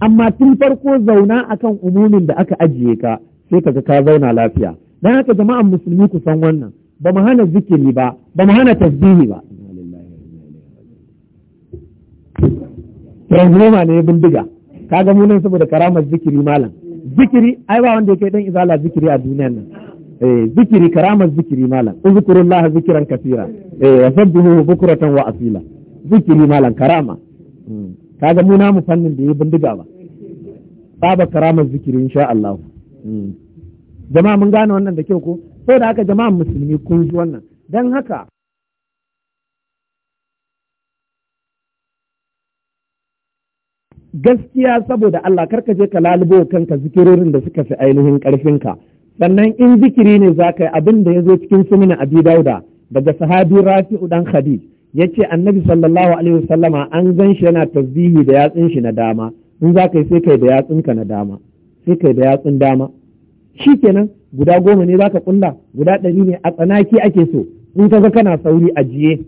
amma tun farko zauna akan umumin da aka ajiye ka sai kaga ka zauna lafiya dan haka jama'an musulmi ku san wannan ba mu hana zikiri ba ba mu hana tasbihi ba yanzu ne bindiga kaga mu saboda karamar zikiri malam zikiri ai ba wanda yake dan izala zikiri a duniyar nan eh zikiri karamar zikiri malam uzkurullah zikran kaseera eh wasabbihu bukratan wa asila zikiri malam karama hmm. kaga mu namu fannin da yi bindiga ba baba karamar zikiri insha Allah hmm. jama'a mun gane wannan da kyau ko da haka jama'a musulmi kun ji wannan dan haka gaskiya saboda Allah karka je ka lalubo kanka zikirorin da suka fi ainihin ƙarfinka sannan in zikiri ne za ka yi abin da ya zo cikin sumina abi dauda daga sahabi rafi'u dan khadij yace annabi sallallahu alaihi wasallama an gan shi yana tasbihi da yatsun shi na dama in za ka yi sai kai da ka na dama sai kai da yatsun dama shikenan guda goma ne za ka kulla guda ɗari ne a tsanaki ake so in ka ga kana sauri ajiye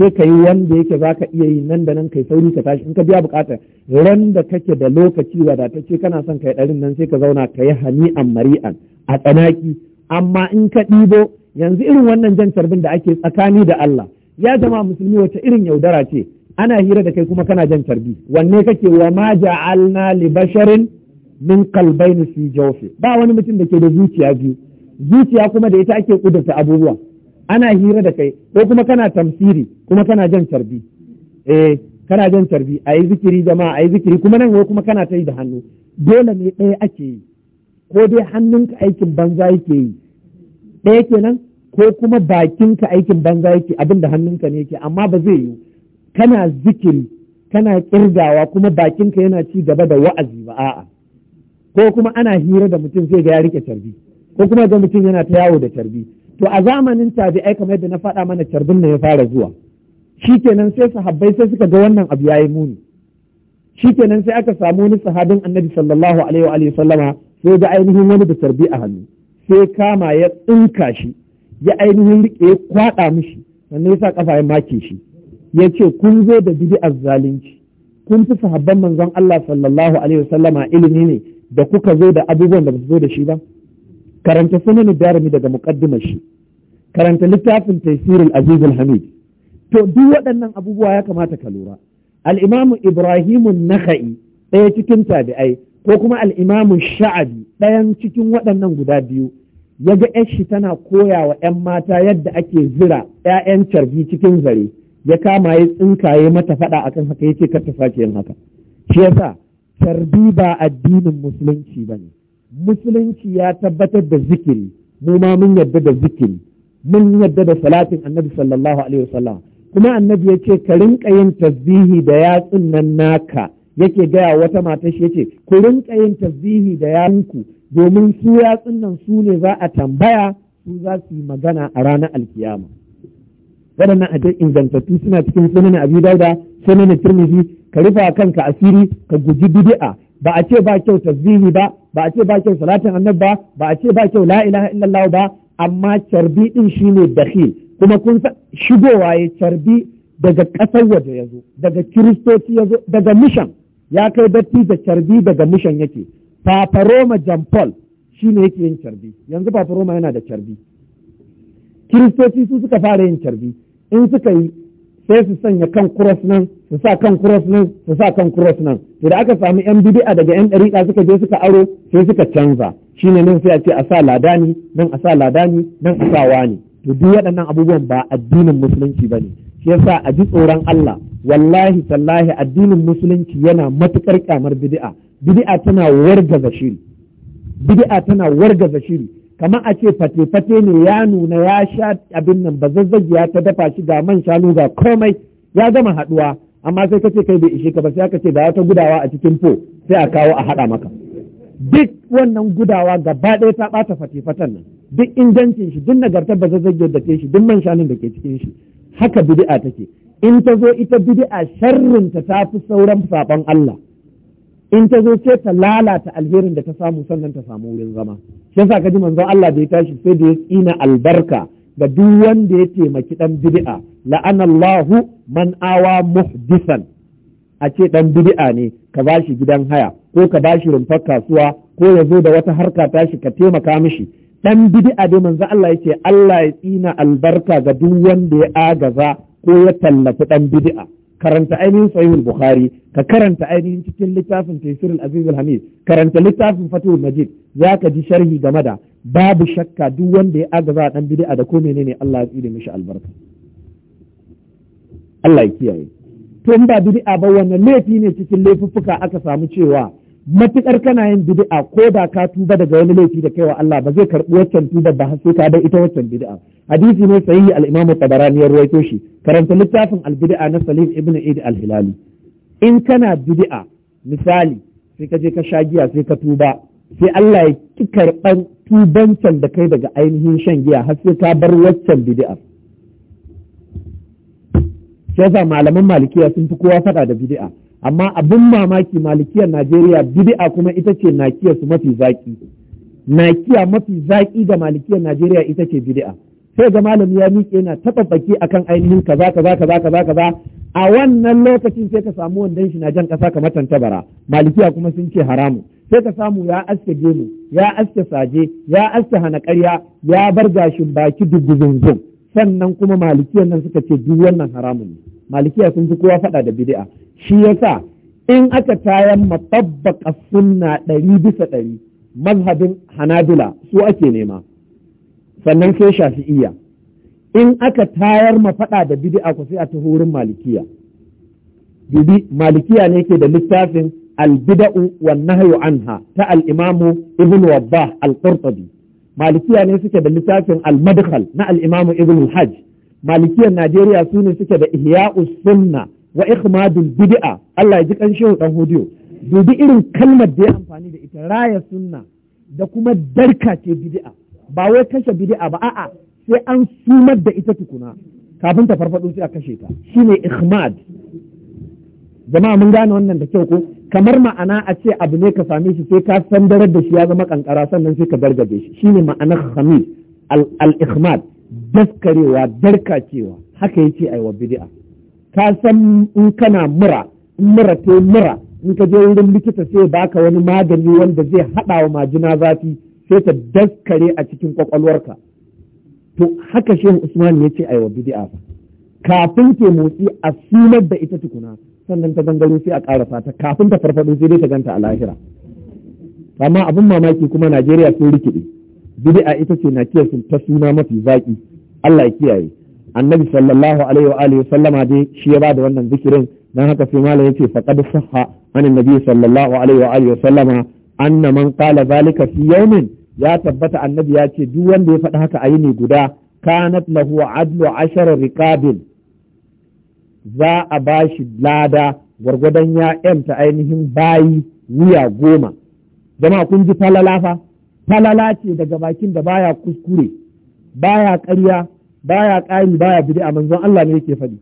sai ka yi wanda yake za ka iya yi nan da nan kai sauri ka tashi in ka biya bukata ran da kake da lokaci wadatacce kana son kai ɗarin nan sai ka zauna ka yi hani'an mari'an a tsanaki amma in ka ɗibo yanzu irin wannan jan carbin da ake tsakani da Allah ya zama musulmi wace irin yaudara ce ana hira da kai kuma kana jan carbi wanne kake wa ma ja'alna li basharin min qalbayn fi jawfi ba wani mutum da ke da zuciya biyu zuciya kuma da ita ake kudurta abubuwa ana hira da kai ko kuma kana tamsiri kuma kana jan tarbi. eh kana jan tarbi ayi zikiri jama'a ayi zikiri kuma nan wai kuma kana tai da hannu dole ne ɗaya ake yi ko dai hannunka aikin banza yake yi ɗaya kenan ko kuma bakinka aikin banza yake abin da hannunka ne yake amma ba zai yi. kana zikiri kana kirgawa kuma bakinka yana ci gaba da wa'azi ba a'a ko kuma ana hira da mutum zai ga ya rike tarbi, ko kuma ga mutum yana ta yawo da tarbi. to a zamanin tabi'ai kamar yadda na faɗa mana carbin ne ya fara zuwa shikenan sai sahabbai sai suka ga wannan abu yayi muni shikenan sai aka samu wani sahabin annabi sallallahu alaihi wa sallama sai da ainihin wani da tarbi a hannu sai kama ya tsinka shi ya ainihin rike ya kwaɗa mishi sannan ya sa kafa ya make shi ya ce kun zo da bid'ar zalunci kun fi sahabban manzon Allah sallallahu alaihi wa sallama ilimi ne da kuka zo da abubuwan da ba zo da shi ba karanta sunan Jarumi daga muqaddimar shi karanta littafin tafsirul aziz hamid to duk waɗannan abubuwa ya kamata ka lura al-imamu ibrahimu nakhai ɗaya cikin tabi'ai ko kuma al-imamu sha'abi ɗayan cikin waɗannan guda biyu ya ga shi tana koya wa 'yan mata yadda ake zira 'ya'yan carbi cikin zare ya kama ya tsinkaye mata faɗa akan haka ya ce kar ta sake yin haka shi yasa carbi ba addinin musulunci ba ne musulunci ya tabbatar da zikiri mu ma mun yadda da zikiri mun yadda da salatin annabi sallallahu alaihi wasallam kuma annabi ya ce ka rinka yin tasbihi da yatsun nan naka yake gaya wata mata shi yace ku rinka yin tasbihi da yanku domin su yatsun nan su ne za a tambaya su za su yi magana a ranar alkiyama waɗannan ajiyar ingantattu suna cikin sunan abi dauda sunan tirmidhi ka rufa kanka asiri ka guji bid'a ba a ce ba kyau tasbihi ba ba a ce ba kyau salatin annabi ba ba a ce ba kyau la ilaha illallah ba amma carbi din shine dakhil kuma kun shigowa ya carbi daga kasar waje yazo daga kiristoci yazo daga mishan ya kai datti da carbi daga mishan yake Roma jean paul shine yake yin carbi yanzu Papa Roma yana da carbi kiristoci su suka fara yin carbi in suka yi sai su sanya kan kuros nan su sa kan kuros nan su sa kan kuros nan to da aka sami yan bid'a daga yan ɗariƙa suka je suka aro sai suka canza shine nan sai a ce a sa ladani nan a sa ladani nan a sa wani to duk waɗannan abubuwan ba addinin musulunci bane shi yasa a ji tsoron Allah wallahi tallahi addinin musulunci yana matukar kyamar bid'a bid'a tana wargaza shiri bid'a tana wargaza shiri kamar a ce fate-fate ne ya nuna ya sha abin nan ba ya ta dafa shi ga man shanu ga komai ya zama haɗuwa amma sai kace kai bai ishe ka ba sai aka ce da wata gudawa a cikin fo sai a kawo a haɗa maka duk wannan gudawa gaba ɗaya ta bata fate-faten nan duk ingancin shi duk nagartar ba zazzagiyar da ke shi duk man shanun da ke cikin shi haka bid'a take in ta zo ita bid'a sharrinta ta fi sauran saban Allah in ta zo ce ta lalata alherin da ta samu sannan ta samu wurin zama shi yasa kaji manzo Allah bai tashi sai da ya tsina albarka ga duk wanda ya taimaki dan bid'a la'anallahu man awa muhdisan a ce dan bid'a ne ka bashi gidan haya ko ka bashi rumfar kasuwa ko ya zo da wata harka tashi ka taimaka mishi dan bid'a dai manzo Allah yace Allah ya tsina albarka ga duk wanda ya agaza ko ya tallafi dan bid'a karanta ainihin sahihul bukhari ka karanta ainihin cikin littafin tafsirul aziz al-hamid karanta littafin fatul majid zaka ji sharhi game da babu shakka duk wanda ya agaza dan bid'a da ko menene Allah ya tsire mishi albarka Allah ya kiyaye to in ba bid'a ba wannan laifi ne cikin laifuffuka aka samu cewa matukar kana yin bid'a ko da ka tuba daga wani laifi da kaiwa Allah ba zai karbi waccan tuba ba sai ka dai ita waccan bid'a hadisi ne sahihi al-imam tabarani ya shi karanta littafin al-bid'a na Salim ibn id al-hilali in kana bid'a misali sai ka je ka sha giya sai ka tuba sai Allah ya ki karɓan tubancan da kai daga ainihin shan giya har sai ka bar waccan bid'a Sai fa malaman malikiya sun fi kowa faɗa da bid'a amma abin mamaki malikiyar Najeriya bid'a kuma ita ce nakiyar su mafi zaki nakiya mafi zaki ga malikiyar Najeriya ita ce bid'a sai ga malami ya miƙe yana taɓaɓɓake akan ainihin kaza kaza kaza kaza kaza a wannan lokacin sai ka samu wandon shi na jan ƙasa kamar tantabara malikiya kuma sun ce haramu sai ka samu ya aske gemu ya aske saje ya aske hana ƙarya ya bar gashin baki duguzunzun sannan kuma malikiyan nan suka ce duk wannan haramun ne malikiya sun fi kowa faɗa da bid'a shi yasa in aka tayan matabbaka sunna ɗari bisa ɗari mazhabin hanabila su ake nema sannan sai shafi'iyya in aka tayar ma faɗa da bid'a ku sai a ta malikiya dubi malikiya ne ke da littafin albida'u wa nahyu anha ta al-imamu ibn wabbah al-qurtubi malikiya ne suke da littafin al-madkhal na al-imamu ibn al-hajj malikiyar najeriya su ne suke da ihya'us sunna wa ikhmadul bid'a Allah ya ji kan shehu dan hudiyo dubi irin kalmar da ya amfani da ita raya sunna da kuma darka ce bid'a ba wai kashe bid'a ba a'a sai an sumar da ita tukuna kafin ta farfado sai a kashe ta ne ihmad jama'a mun gane wannan da kyau ko kamar ma'ana a ce abu ne ka same shi sai ka san da shi ya zama kankara sannan sai ka gargaje shi Shi ne ma'anar hamid al-ihmad daskarewa darkacewa haka yace ai wa bid'a ka san in kana mura in mura te mura in ka je wurin likita sai baka wani magani wanda zai hada wa majina zafi sai ta daskare a cikin kwakwalwarka to haka shehu usman ya ce wa bid'a kafin ke motsi a sunar da ita tukuna sannan ta gangaro sai a ƙara fata kafin ta farfado sai dai ta ganta a lahira amma abin mamaki kuma Najeriya sun rikide bid'a ita ce na kiyar ta suna mafi zaki Allah ya kiyaye annabi sallallahu alaihi wa alihi sallama dai shi ya bada wannan zikirin dan haka sai malam yace faqad sahha annabi sallallahu alaihi wa alihi sallama anna man qala zalika fi yawmin ya tabbata annabi ya ce duk wanda ya faɗi haka a yi ne guda kanat lahu adlu ashara riqabin za a ba shi lada gwargwadon ya ta ainihin bayi wuya goma Zama kun ji falala fa falala ce daga bakin da baya kuskure baya ƙarya baya ƙari baya bidi a manzon Allah ne yake faɗi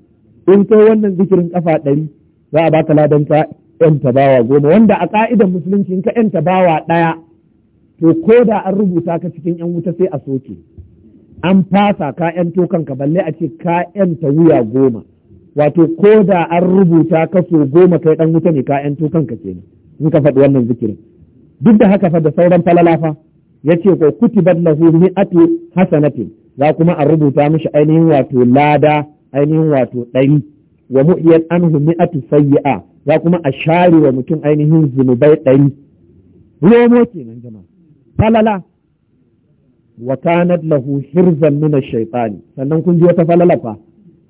in kai wannan zikirin kafa ɗari za a baka ladan ka ta bawa goma wanda a ka'idan musulunci in ka ta bawa ɗaya to ko da an rubuta ka cikin yan wuta sai a soke an fasa ka yan tokanka balle a ce ka yan ta wuya goma wato ko da an rubuta ka so goma kai ɗan wuta ne ka yan tokanka kenan in ka faɗi wannan zikirin duk da haka fa da sauran falalafa ce ko kutibat lahu mi'atu hasanatin za kuma a rubuta mishi ainihin wato lada ainihin wato ɗari wa mu'iyat anhu mi'atu sayyi'a za kuma a share wa mutum ainihin zunubai ɗari romo kenan falala wa kanat lahu hirzan min ash-shaytan sannan kun ji wata falala fa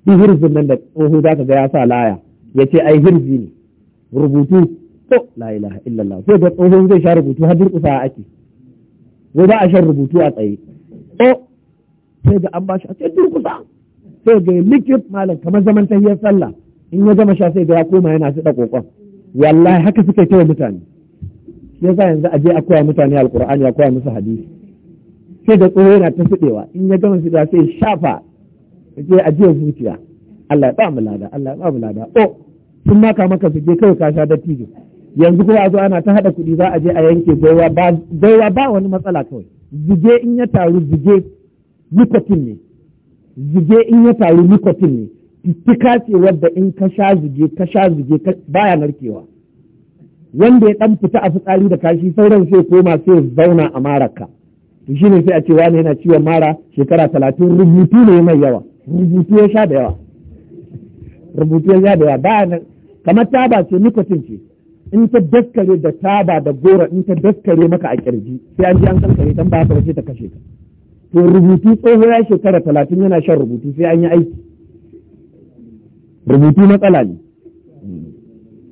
bi hirzin nan da tsoho ka ga ya sa laya yace ai hirzi ne rubutu to la ilaha illallah sai da tsohon zai sha rubutu har durƙusa ake wai ba a share rubutu a tsaye to sai ga an bashi a ce kusa. sai ga likit malam kamar zaman tahiyar sallah in ya gama sha sai ga ya koma yana su kokon wallahi haka suka yi mutane ya sa yanzu a je a koya mutane alkur'ani a koya musu hadisi sai da tsoro yana ta fidewa in ya gama shiga sai shafa je a zuciya Allah ya ba mu lada Allah ya ba mu lada oh sun maka maka su je kawai ka sha dattijo yanzu kuma a zo ana ta haɗa kuɗi za a je a yanke gaiwa ba gaiwa ba wani matsala kawai zige in ya taru zige nikotin ne zige in ya taru nikotin ne fitika ce wadda in ka sha zige ka sha zige baya narkewa wanda ya ɗan fita a fitsari da kashi sauran sai koma sai zauna a mararka shi ne sai a ce wani yana ciwon mara shekara talatin rubutu ne mai yawa rubutu ya sha da yawa rubutu ya sha da yawa ba kamar taba ce nicotine ce in ta daskare da taba da goro in ta daskare maka a kirji sai an ji an kankare dan ba ta ta kashe ka to rubutu tsoho ya shekara talatin yana shan rubutu sai an yi aiki rubutu matsala ne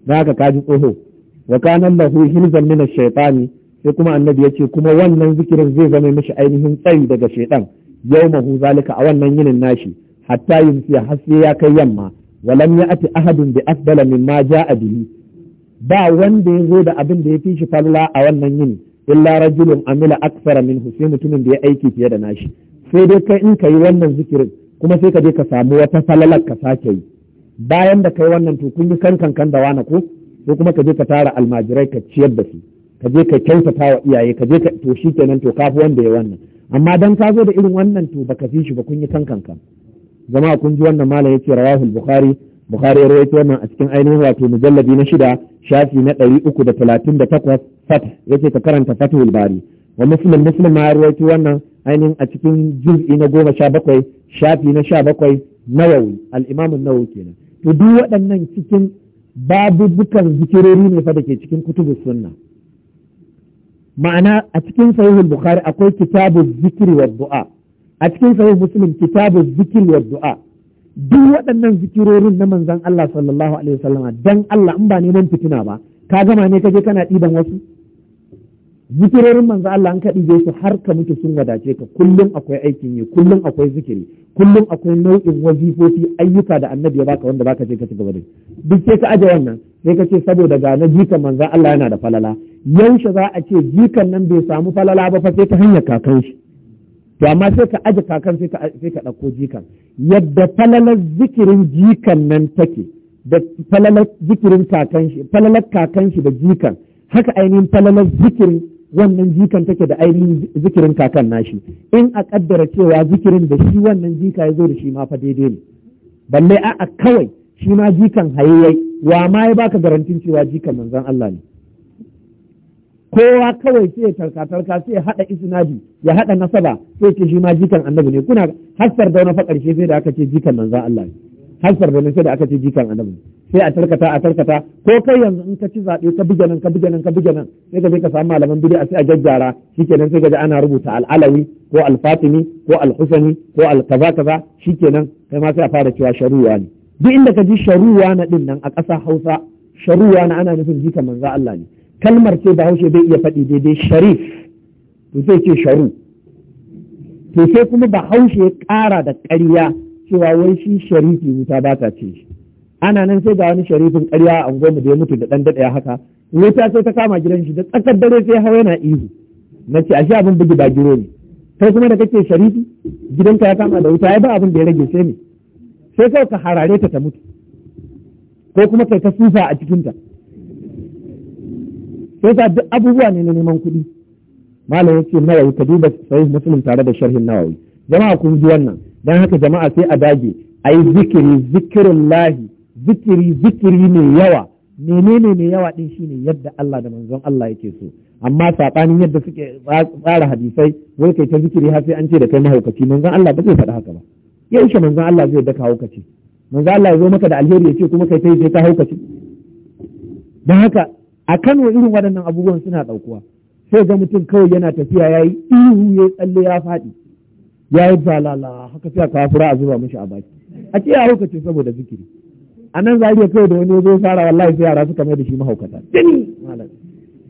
Na haka kaji tsoho wa kana lahu hilzan min ash-shaytani sai kuma annabi yace kuma wannan zikirin zai zama mishi ainihin tsayi daga shaytan yawmahu zalika a wannan yinin nashi hatta yumsi har sai ya kai yamma lam ya'ti ahadun bi afdala mimma ja'a bihi ba wanda ya zo da abin da ya fi shi falla a wannan yini illa rajulun amila aksara minhu sai mutumin da ya aiki fiye da nashi sai dai kai in ka yi wannan zikirin kuma sai ka je ka samu wata falalar ka sake yi bayan da kai wannan to kun yi kankan kan da wani ko ko kuma ka je ka tara almajirai ka ciyar da su ka je ka kyautata wa iyaye ka je ka to shi kenan to kafi wanda ya wannan amma dan ka zo da irin wannan to baka fi shi ba kun yi kankan kan Zama kun ji wannan malam yace rawahul bukhari bukhari ya rawaito wannan a cikin ainihin wato mujallabi na shida shafi na ɗari uku da talatin da takwas fat yace ka karanta fatul bari wa muslim muslim ma rawaito wannan ainihin a cikin juz'i na goma sha bakwai shafi na sha bakwai nawawi al-imam an-nawawi kenan to duk waɗannan cikin babu bukan zikirori ne fa da ke cikin kutubu sunna ma'ana a cikin sahihul bukhari akwai kitabu zikiri wa du'a a cikin sahih muslim kitabu zikiri wa du'a duk waɗannan zikirorin na manzon Allah sallallahu alaihi wasallam dan Allah in ba neman fitina ba ka gama ne kaje kana ɗiban wasu zikirorin manzo Allah an kaɗi su har ka mutu sun wadace ka kullum akwai aikin yi kullum akwai zikiri kullum akwai nau'in wazifofi ayyuka da annabi ya baka wanda baka ce ka ci gaba da duk sai ka aje wannan sai ka ce saboda ga na jikan manzo Allah yana da falala yaushe za a ce jikan nan bai samu falala ba fa sai ta hanyar kakan shi to amma sai ka aje kakan sai ka sai ka ɗauko jikan yadda falalar zikirin jikan nan take da falalar zikirin kakan shi falalar kakan shi da jikan haka ainihin falalar zikirin wannan jikan take da ainihin zikirin kakan nashi in a kaddara cewa zikirin da shi wannan jika ya zo da shi ma fa daidai ne balle a'a kawai shi ma jikan hayayyai wa ma ya baka garantin cewa jikan manzon Allah ne kowa kawai sai tarka-tarka sai ya haɗa isnadi ya haɗa nasaba sai ce shi ma jikan annabi ne kuna hassar da wani fa ƙarshe sai da aka ce jikan manzon Allah ne Hasar da sai da aka ce jikan annabi sai a tarkata a tarkata ko kai yanzu in ka ci zaɓe ka buge nan ka buge nan ka buge nan sai ka je ka samu malaman bid'a sai a jajjara shikenan sai ka ji ana rubuta al-alawi ko al-fatimi ko al-husani ko al-kaza kaza shikenan kai ma sai a fara cewa sharuwa ne duk inda ka ji sharuwa na din nan a ƙasa Hausa sharuwa na ana nufin jika manzo Allah ne kalmar ce Bahaushe bai iya faɗi daidai sharif to sai ce sharu to sai kuma Bahaushe ya ƙara da ƙarya cewa wai shi sharifi wuta ba ta ce shi ana nan sai ga wani sharifin karya a unguwarmu da ya mutu da ɗan ya haka wuta sai ta kama gidan shi da tsakar dare sai hawa yana ihu na ce ashe abin bugi ba giro ne kai kuma da kake sharifi gidanka ya kama da wuta ya ba abin da ya rage sai ne sai kawai ka harare ta ta mutu ko kuma kai ta sufa a cikinta sai sa duk abubuwa ne na neman kuɗi malam ya ce nawawi ka duba sahih muslim tare da sharhin nawawi jama'a kun ji wannan don haka jama'a sai a dage a yi zikiri zikirin zikiri zikiri mai yawa menene mai yawa din shine yadda Allah da manzon Allah yake so amma saɓanin yadda suke tsara hadisai wai kai ta zikiri har sai an ce da kai mahaukaci manzon Allah ba zai faɗi haka ba yaushe manzon Allah zai daka haukaci manzon Allah ya zo maka da alheri ya ce kuma kai ta yi ta haukaci don haka a Kano irin waɗannan abubuwan suna ɗaukuwa sai ga mutum kawai yana tafiya yayi ihu ya tsalle ya faɗi ya yi falala haka sai a kawo fura a zuba mashi a baki a ce ya haukace saboda zikiri a nan za a iya kai da wani zai fara wallahi sai yara suka mai da shi mahaukata tuni malam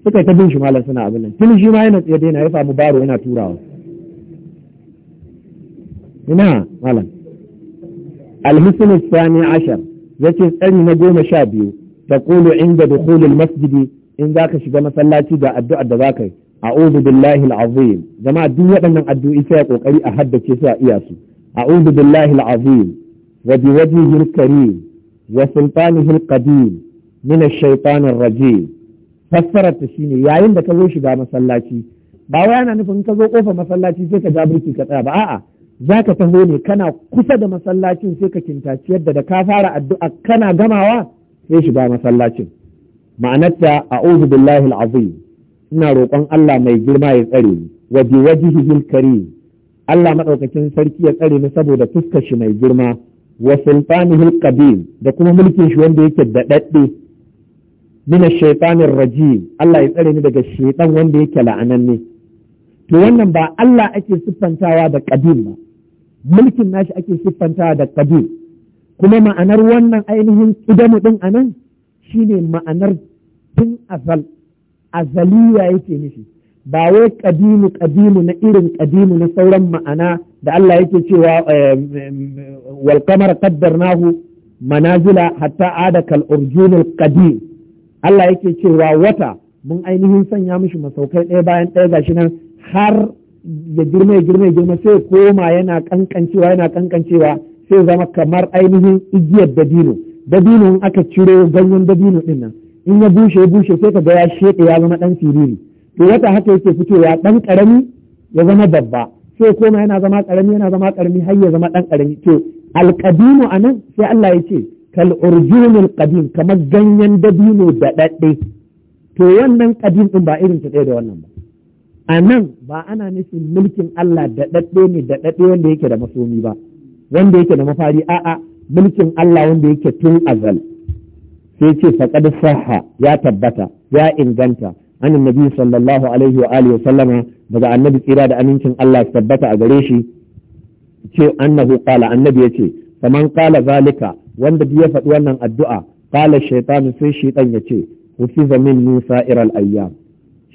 suka ta bin shi malam suna abin nan tuni shi ma yana tsaye daina ya samu baro yana turawa ina malam alhisnu sani ashar yace tsari na goma sha biyu taqulu inda al-masjid in zaka shiga masallaci da addu'ar da zaka yi a'udhu billahi al duk waɗannan addu'o'i sai kokari a haddace su a iya su a'udhu billahi al wa bi wajhihi al-karim wa sultanihi al-qadim min ash-shaytanir rajim fassarar ta shine yayin da ka zo shiga masallaci ba wai ana nufin ka zo kofar masallaci sai ka ja burki ka tsaya ba a'a za ka taho ne kana kusa da masallacin sai ka kintaci yadda da ka fara addu'a kana gamawa sai shiga masallacin ma'anarta a'udhu billahi al-azim ina roƙon Allah mai girma ya tsare ni wa bi wajhihil karim Allah madaukakin sarki ya tsare ni saboda fuskar shi mai girma wa sultanihil qabil da kuma mulkin shi wanda yake da dadde min ash-shaytanir rajim Allah ya tsare ni daga shaytan wanda yake la'ananne to wannan ba Allah ake siffantawa da qabil ba mulkin nashi ake siffantawa da qabil kuma ma'anar wannan ainihin kidamu ɗin anan shine ma'anar tun asal azaliya yake nufi ba wai kadimu kadimu na irin kadimu na sauran ma'ana da Allah yake cewa eh, wal qamar qaddarnahu manazila hatta ada kal urjunul qadim Allah yake cewa wata mun ainihin sanya mishi masaukai ɗaya bayan ɗaya gashi nan har ya girma ya girma ya girma sai koma yana kankancewa yana kankancewa sai zama kamar ainihin igiyar dabino dabino aka ciro ganyen dabino ɗin nan in ya bushe ya bushe sai ka ga ya sheƙe ya zama ɗan siriri to wata haka yake fito ya ɗan ƙarami ya zama babba sai koma yana zama ƙarami yana zama ƙarami har ya zama ɗan ƙarami to alƙadimu anan sai Allah ya ce kal urjunil qadim kamar ganyen dabino da ɗaɗɗe to wannan qadim ɗin ba irin ta ɗaya da wannan ba a ba ana nufin mulkin Allah da ne da ɗaɗɗe wanda yake da masomi ba wanda yake da mafari a'a mulkin Allah wanda yake tun azal. sai ce faqad saha, ya tabbata ya inganta anin nabi sallallahu alaihi wa alihi sallama daga annabi tsira da amincin Allah su tabbata a gare shi ce annahu qala annabi yace faman qala zalika wanda ya faɗi wannan addu'a qala shaytanu sai shaytan yace min minni sa'iral ayyam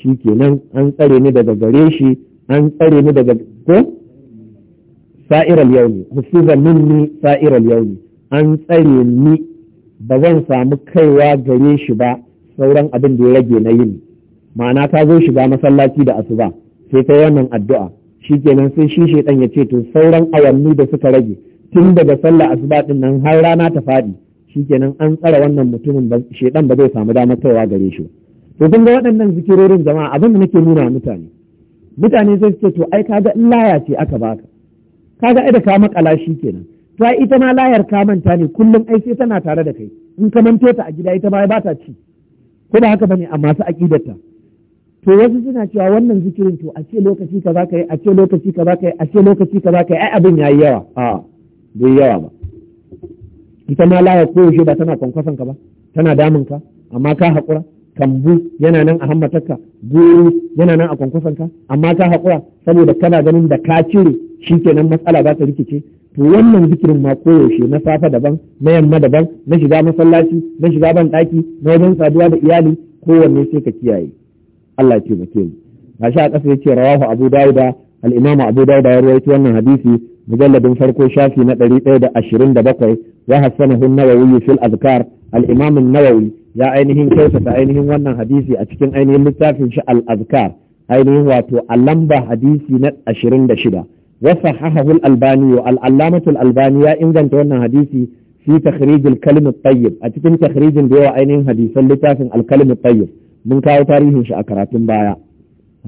shikenan an tsare ni daga gare shi an tsare ni daga ko sa'iral yawmi ufiza minni sa'iral yawmi an tsare ni ba zan samu kaiwa gare shi ba sauran abin da ya rage na yin ma'ana ka zo shiga masallaci da asuba sai kai wannan addu'a shi kenan sai shi ɗan ya ce to sauran awanni da suka rage tun daga sallah asuba din nan har rana ta shi shikenan an tsara wannan mutumin ba ɗan ba zai samu damar kaiwa gare shi to kun ga waɗannan zikirorin jama'a abin da nake nuna mutane mutane sai su to ai kaga in laya ce aka baka kaga ai da ka makala shi kenan ta ita ma layar ka manta ne kullum ai sai tana tare da kai in ka manto ta a gida ita ma ba ta ci ko ba haka bane a masu aqidarta to wasu suna cewa wannan zikirin to a ce lokaci ka za ka yi, a ce lokaci ka za ka yi, a ce lokaci ka za ka yi. ai abin yayi yawa a bai yawa ba ita ma layar ko yaushe ba tana kwankwasan ka ba tana damun ka amma ka haƙura kambu yana nan a hammatarka guru yana nan a kwankwasan ka amma ka haƙura saboda kana ganin da ka cire shikenan matsala za ta rikice to wannan zikirin ma koyaushe na safe daban na yamma daban na shiga masallaci na shiga ban na wajen saduwa da iyali kowanne sai ka kiyaye Allah ya taimake mu gashi a ƙasa yace rawahu Abu Dawud al-Imam Abu Dauda ya rawaito wannan hadisi mujalladin farko shafi na 127 wa hasanahu an-Nawawi fil azkar al-Imam an-Nawawi ya ainihin kyautata ainihin wannan hadisi a cikin ainihin littafin shi al-azkar ainihin wato a lamba hadisi na 26 wasa hahahul albani wa al'allamatul albani ya inganta wannan hadisi fi takhrijil kalimat tayyib a cikin takhrijin da yawa ainihin hadisan littafin alkalimat tayyib mun kawo tarihin shi a karatun baya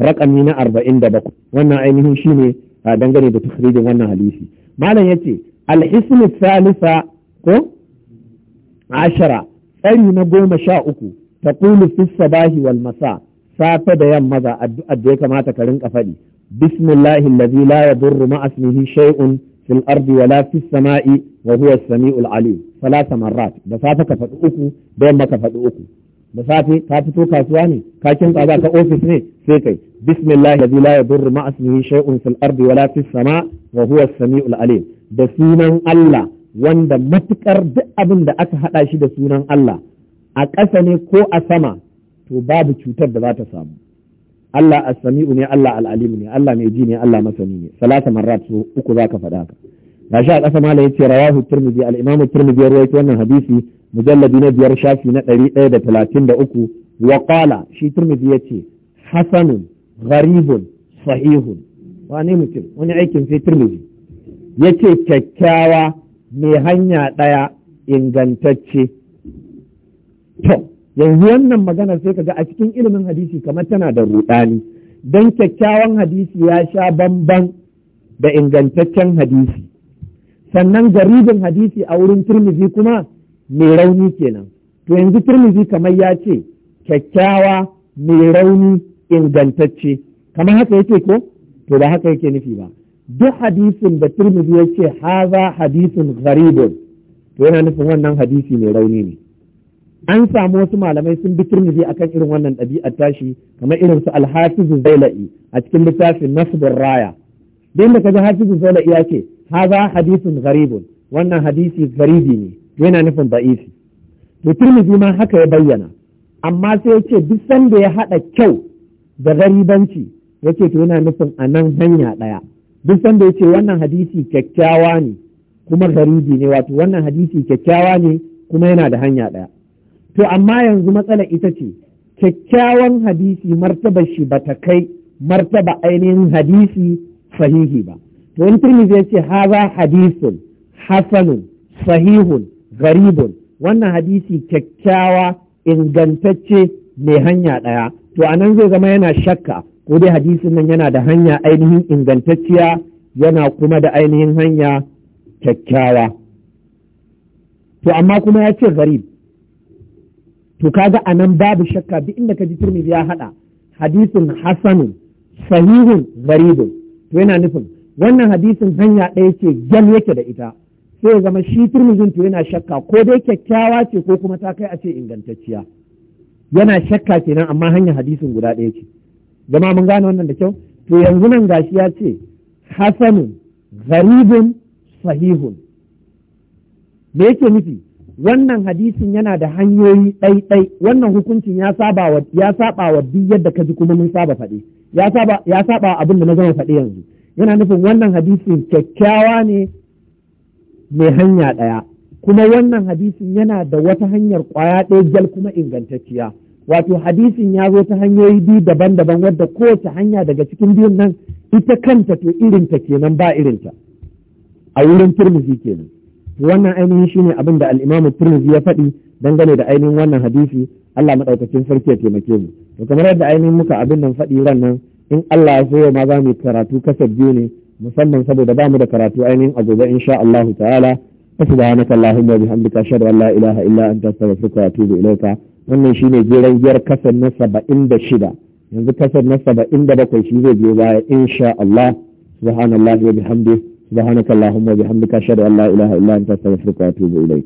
rakami na arba'in da bakwai wannan ainihin shi ne dangane da takhrijin wannan hadisi malam yace alhismu salisa ko ashara tsari na goma sha uku taqulu fi sabahi wal masa safe da yamma za addu'a da ya kamata ka rinka faɗi bismillahi allazi la yadurru ma ismihi shay'un fil ardi wala sama'i wa huwa samiul alim salasa marrat da safe ka faɗi uku da yamma ka faɗi uku da safe ka fito kasuwa ne ka kinka za ka ofis ne sai kai bismillah allazi la yadurru ma ismihi shay'un fil ardi wala fis wa huwa samiul alim da sunan Allah wanda matukar duk abin da aka haɗa shi da sunan Allah a ƙasa ne ko a sama to babu cutar da za ta samu Allah as-sami'u ne Allah al ne Allah mai ji ne Allah masani ne salasa marrat su uku zaka faɗa haka gashi a ƙasa mala yace rawahu tirmidhi al-imam tirmidhi ya rawaito wannan hadisi mujalladi na biyar shafi na 133 wa qala shi tirmidhi yace hasanun gharibun sahihun wane mutum wani aikin sai tirmidhi yace kyakkyawa mai hanya ɗaya ingantacce to yanzu wannan magana sai kaga a cikin ilimin hadisi kamar tana da rudani Don kyakkyawan hadisi ya sha bamban da ingantaccen hadisi sannan garibin hadisi a wurin turmizi kuma mai rauni kenan to yanzu turmizi kamar ya ce kyakkyawa mai rauni ingantacce kamar haka yake ko to ba haka yake nufi ba duk hadisin da turmizi ya ce haza hadisin garibin to yana nufin wannan hadisi mai rauni ne an samu wasu malamai sun bi turmiji akan irin wannan ɗabi'ar tashi kamar irin su alhafizu zailai a cikin littafin nasbur raya din da kaji hafizu zailai ya ce haza hadisin gharibun wannan hadisi garibi ne yana nufin ba'isi. to turmiji ma haka ya bayyana amma sai ya ce duk sanda ya haɗa kyau da garibanci yake to yana nufin a nan hanya ɗaya duk sanda ya ce wannan hadisi kyakkyawa ne kuma garibi ne wato wannan hadisi kyakkyawa ne kuma yana da hanya ɗaya to amma yanzu matsala ita ce kyakkyawan hadisi martaba shi ba ta kai martaba ainihin hadisi sahihi ba to in turmizi ya ce haza hadisun hasanun sahihun garibun wannan hadisi kyakkyawa ingantacce mai hanya ɗaya to a nan zai zama yana shakka ko dai hadisin nan yana da hanya ainihin ingantacciya yana kuma da ainihin hanya kyakkyawa to amma kuma ya ce garib to kaga anan babu shakka duk inda ka ji turmizi ya haɗa hadisin hasanin sahihun garibin to yana nufin wannan hadisin hanya ɗaya ce gyan yake da ita sai zama shi turmizin to yana shakka ko dai kyakkyawa ce ko kuma ta kai a ce ingantacciya yana shakka kenan amma hanya hadisin guda ɗaya ce zama mun gane wannan da kyau to yanzu nan gashi ya ce hasanun garibin sahihun me yake nufi wannan hadisin yana da hanyoyi ɗaiɗai wannan hukuncin ya saba wa ya saba wa duk yadda ka ji kuma mun saba faɗi ya saba ya saba abin da na zama faɗi yanzu yana nufin wannan hadisin kyakkyawa ne mai hanya ɗaya kuma wannan hadisin yana da wata hanyar ƙwaya ɗaya jal kuma ingantacciya wato hadisin ya zo ta hanyoyi biyu daban-daban wadda kowace hanya daga cikin biyun nan ita kanta to irinta kenan ba irinta a wurin turmusi kenan wannan ainihin shine abin da al-Imam ya faɗi dangane da ainihin wannan hadisi Allah madaukakin sarki ya taimake mu to kamar yadda ainihin muka abin nan faɗi ran nan in Allah ya so ma za mu karatu kasar biyu ne musamman saboda ba mu da karatu ainihin a gobe insha Allah ta'ala subhanaka allahumma bihamdika ashhadu an la ilaha illa anta astaghfiruka wa atubu ilayka wannan shine jeren biyar kasar na 76 yanzu kasar na 77 shi zai biyo baya insha Allah subhanallahi wa bihamdihi subhanakallahumma wa bihamdika ashhadu an allah ilaha illa anta astaghfiruka wa atubu ilayk